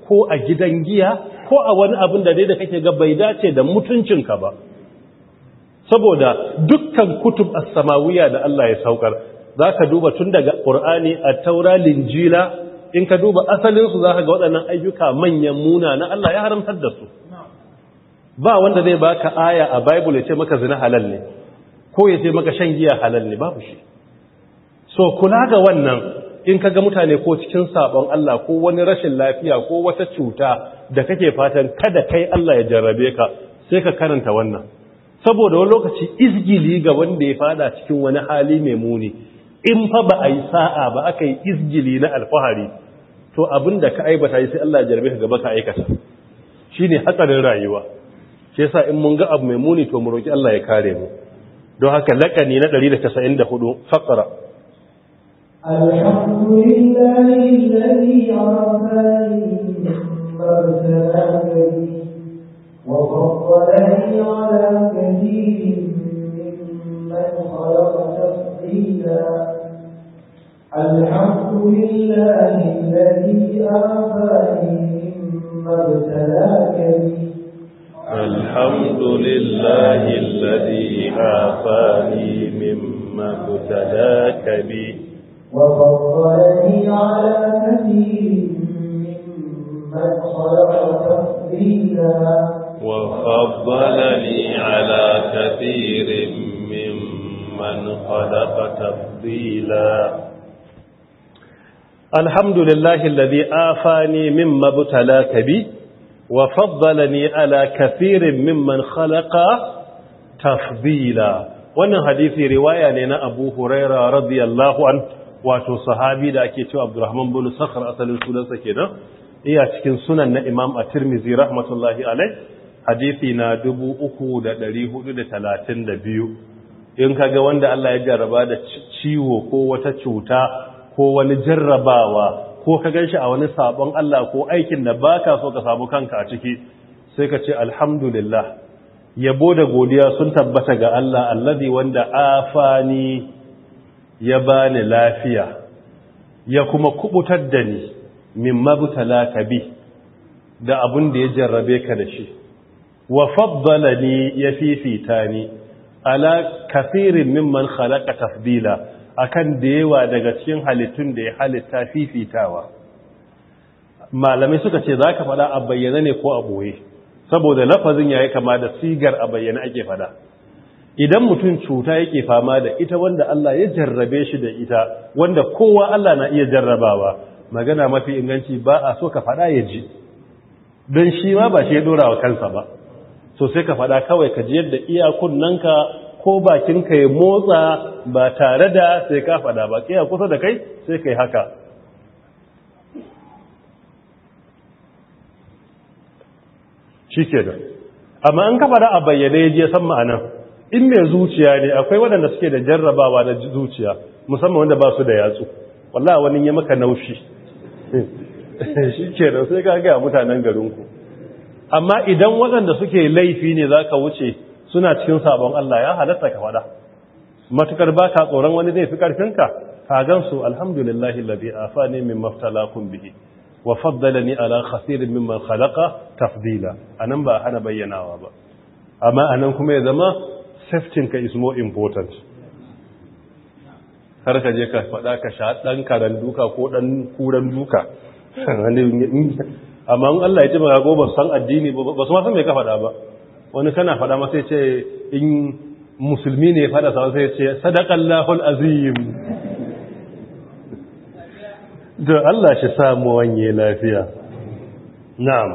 ko a gidan giya ko a wani abin da dai da kake ga bai dace da mutuncinka ba saboda dukkan kutub a samawiya da Allah ya saukar za ka duba tun daga ƙur'ani a taura Linjila in ka duba asalinsu za ka ga waɗannan ayyuka manyan muna na Allah ya haramtar da su ba wanda zai baka aya a bible ya ce maka zina halal ne ko ya ce maka shan giya halal ne babu shi so kula ga wannan in kaga mutane ko cikin sabon Allah ko wani rashin lafiya ko wata cuta da kake fatan kada kai Allah ya jarrabe ka sai ka karanta wannan saboda wani lokaci izgili ga wanda ya fada cikin wani hali mai muni in fa ba a yi sa'a ba aka yi izgili na alfahari to abin da ka aibata sai Allah ya jarrabe ka gaba ka aikata shine hatsarin rayuwa shi yasa in mun ga abu mai muni to mu roki Allah ya kare mu don haka lakani na 194 faqra الحمد لله الذي أعطاني مما ابتلاك به الحمد لله الذي عافاني مما ابتلاك بي وفضلني على كثير ممن خلق تفضيلا وفضلني على كثير ممن خلق تفضيلا الحمد لله الذي آفاني مما ابتلاك بي وفضلني على كثير ممن خلق تفضيلا wannan hadisi riwaya ne na Abu Huraira radiyallahu an wato sahabi da ake cewa Abdurrahman bin Sakhr asalin sunansa kenan iya cikin sunan na Imam At-Tirmidhi rahmatullahi alayh hadisi na 3432 in kaga wanda Allah ya jarraba da ciwo ko wata cuta ko wani jarrabawa ko ka gan shi a wani sabon Allah ko aikin da baka so ka samu kanka a ciki sai ka ce alhamdulillah yabo da godiya sun tabbata ga Allah allazi wanda afani ya bani lafiya ya kuma kubutar da ni min mabtala bi da abun da ya jarrabe ka da shi wa faddalani ni ya fifita ni ala kathirin mimman khalaqa tafdila akan da yawa daga cikin halittun da ya halitta fifitawa malamai suka ce za ka fada a bayyana ne ko a boye saboda lafazin ya yi kama da sigar a bayyana ake fada idan mutum cuta yake fama da ita wanda Allah ya jarrabe shi da ita wanda kowa Allah na iya jarrabawa magana mafi inganci ba a so ka fada ya ji don shi ma ba shi ya dora wa kansa ba so sai ka fada kawai ka ji yadda iyakun nanka ko ka ya motsa ba tare da sai ka fada ba kiya kusa da kai sai kai haka shi ke da, amma an kafa da a bayyane ya je san ma'ana, in mai zuciya ne akwai waɗanda suke da jarrabawa na zuciya musamman wanda ba su da yatsu wallah wani ya maka naushi shi ke da, sai ka gaya mutanen garinku amma idan waɗanda suke laifi ne za ka wuce suna cikin sabon Allah ya halatta ka fada matukar ba ka tsoron wani zai fi karfinka ka gan su alhamdulillahi fa afani min maftalakum bihi wa faddalani ala khasirin mimman khalaqa tafdila anan ba hana bayyanawa ba amma anan kuma ya zama safety ka is more important har ka je ka fada ka sha dan karan duka ko dan kuran duka amma in Allah ya ji ba ga gobar san addini ba su ma san me ka fada ba wani kana fada masa ce in musulmi ne ya faɗa sa sai ce sadaqallahul azim da Allah shi samu wanye lafiya na'am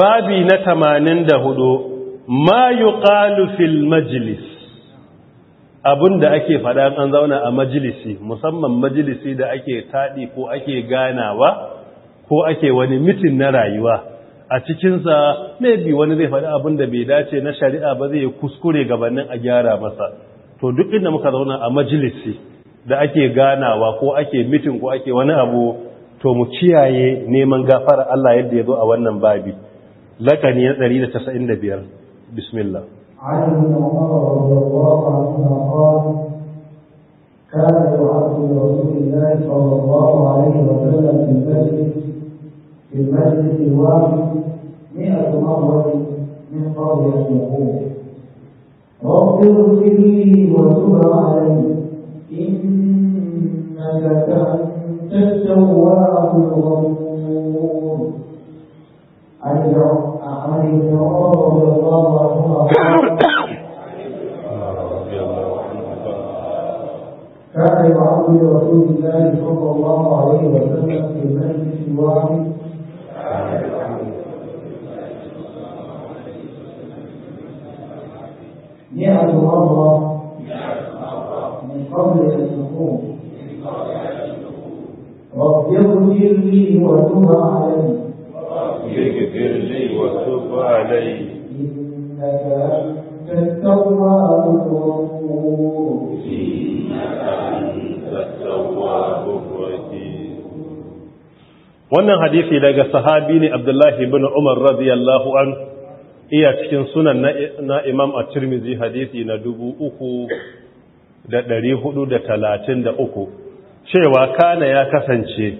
babi na tamanin 84 ma yuqalu fil majlis da ake faɗa an zauna a majalisi musamman majalisi da ake taɗi ko ake ganawa ko ake wani mitin na rayuwa a cikinsa maybe wani zai faɗi abin da bai dace na shari'a ba zai kuskure gabanin a gyara masa to duk inda muka zauna a majalisi da ake ganawa ko ake mitin ko ake wani abu to mu kiyaye neman gafara Allah yadda ya zo a wannan babi lakani na 195 bismillah كان يعبد رسول الله صلى الله عليه وسلم في في المجلس الواحد مئة مرة من قبل أن يقول رب اغفر لي وتب علي إنك أنت التواب الغفور عن ابن عمر رضي الله عنه كان عبد رسول الله صلى الله عليه وسلم في المجلس الواحد الله من قبل أن يقوم رب اغفر لي وتب علي اغفر لي وتب علي إنك أنت التواب الغفور إنك wannan hadisi daga sahabi ne Abdullahi ibn Umar radiyallahu anhu iya cikin sunan na imam a tirmizi hadisi na dubu uku da ɗari hudu da talatin da uku cewa kana ya kasance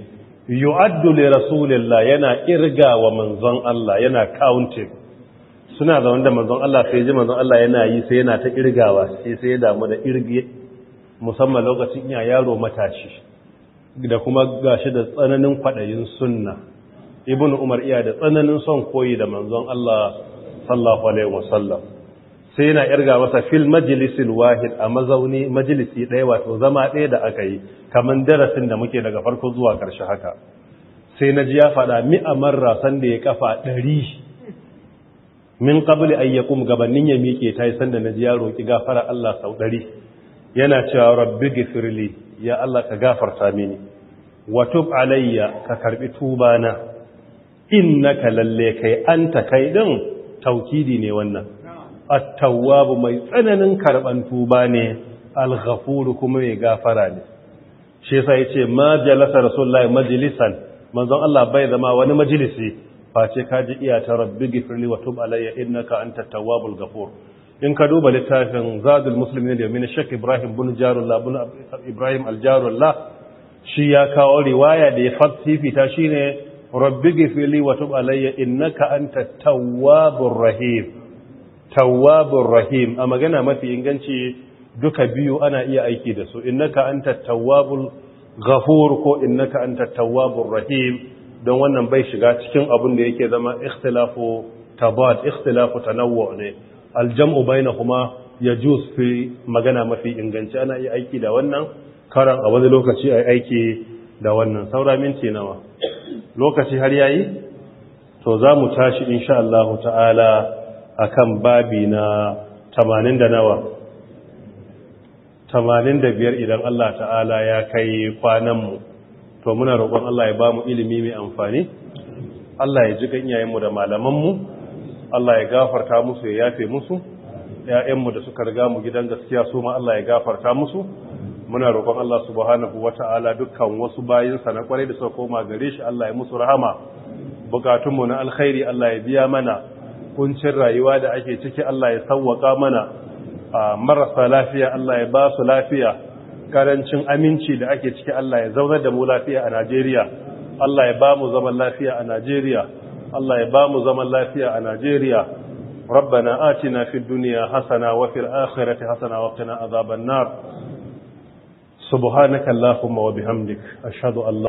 yu'addu li rasulillah yana irga wa manzon Allah yana counting suna zaune da manzon Allah sai ji manzon Allah yana yi sai yana ta irgawa sai sai damu da irge musamman lokacin ya yaro matashi da kuma gashi da tsananin kwaɗayin sunna ibn umar iya da tsananin son koyi da manzon Allah sallallahu alaihi wasallam sai yana irga masa fil majlisil wahid a mazauni majlisi ɗaya wato zama ɗaya da aka yi kamar darasin da muke daga farko zuwa ƙarshe haka sai na ji ya faɗa mi'a marra sanda ya kafa ɗari min qabli an yaqum gabanin ya miƙe ta yi sanda na ji ya roƙi gafara Allah sau ɗari yana cewa rabbi gifirli ya Allah ka gafarta mini wa tub alayya ka karbi tubana innaka lalle kai anta kai din taukidi ne wannan at-tawwabu mai tsananin karban tuba ne al-ghafur kuma mai gafara ne shi yasa yace ma jalasa rasulullahi majlisan manzon Allah bai zama wani majalisi face ka ji iya ta rabbi gifirli wa tub alayya innaka antat tawwabul ghafur in ka duba littafin zadul muslimin da min shek ibrahim bin jarullah bin ibrahim al-jarullah shi ya kawo riwaya da ya ta shine rabbi gifili wa tub alayya innaka anta tawwabur rahim tawwabur rahim a magana mafi inganci duka biyu ana iya aiki da su innaka anta tawwabul ghafur ko innaka anta tawwabur rahim don wannan bai shiga cikin abin da yake zama ikhtilafu tabad ikhtilafu tanawwu ne aljam'u bainahuma yajuz fi magana mafi inganci ana iya aiki da wannan karan a wani lokaci ai aiki da wannan saura minti nawa lokaci har yayi to za mu tashi insha Allah ta'ala akan babi na 80 da nawa 85 idan Allah ta'ala ya kai kwanan mu to muna roƙon Allah ya ba mu ilimi mai amfani Allah ya ji ganyayenmu da malamanmu Allah ya gafarta musu ya yafe musu ‘ya'yanmu da suka riga mu gidan gaskiya su ma Allah ya gafarta musu muna roƙon Allah subhanahu wata'ala dukkan wasu bayinsa na kwarai da suka koma gare shi Allah ya musu rahama mu na alkhairi Allah ya biya mana kuncin rayuwa da ake ciki Allah ya sauwaka mana marasa lafiya Allah ya ba su lafiya karancin aminci da ake ciki Allah ya zaunar da mu lafiya a Najeriya Allah ya ba mu zaman lafiya a Najeriya Allah ya ba mu zaman lafiya a Najeriya ربنا آتنا في الدنيا حسنة وفي الآخرة حسنة وقنا عذاب النار سبحانك اللهم وبحمدك أشهد أن لا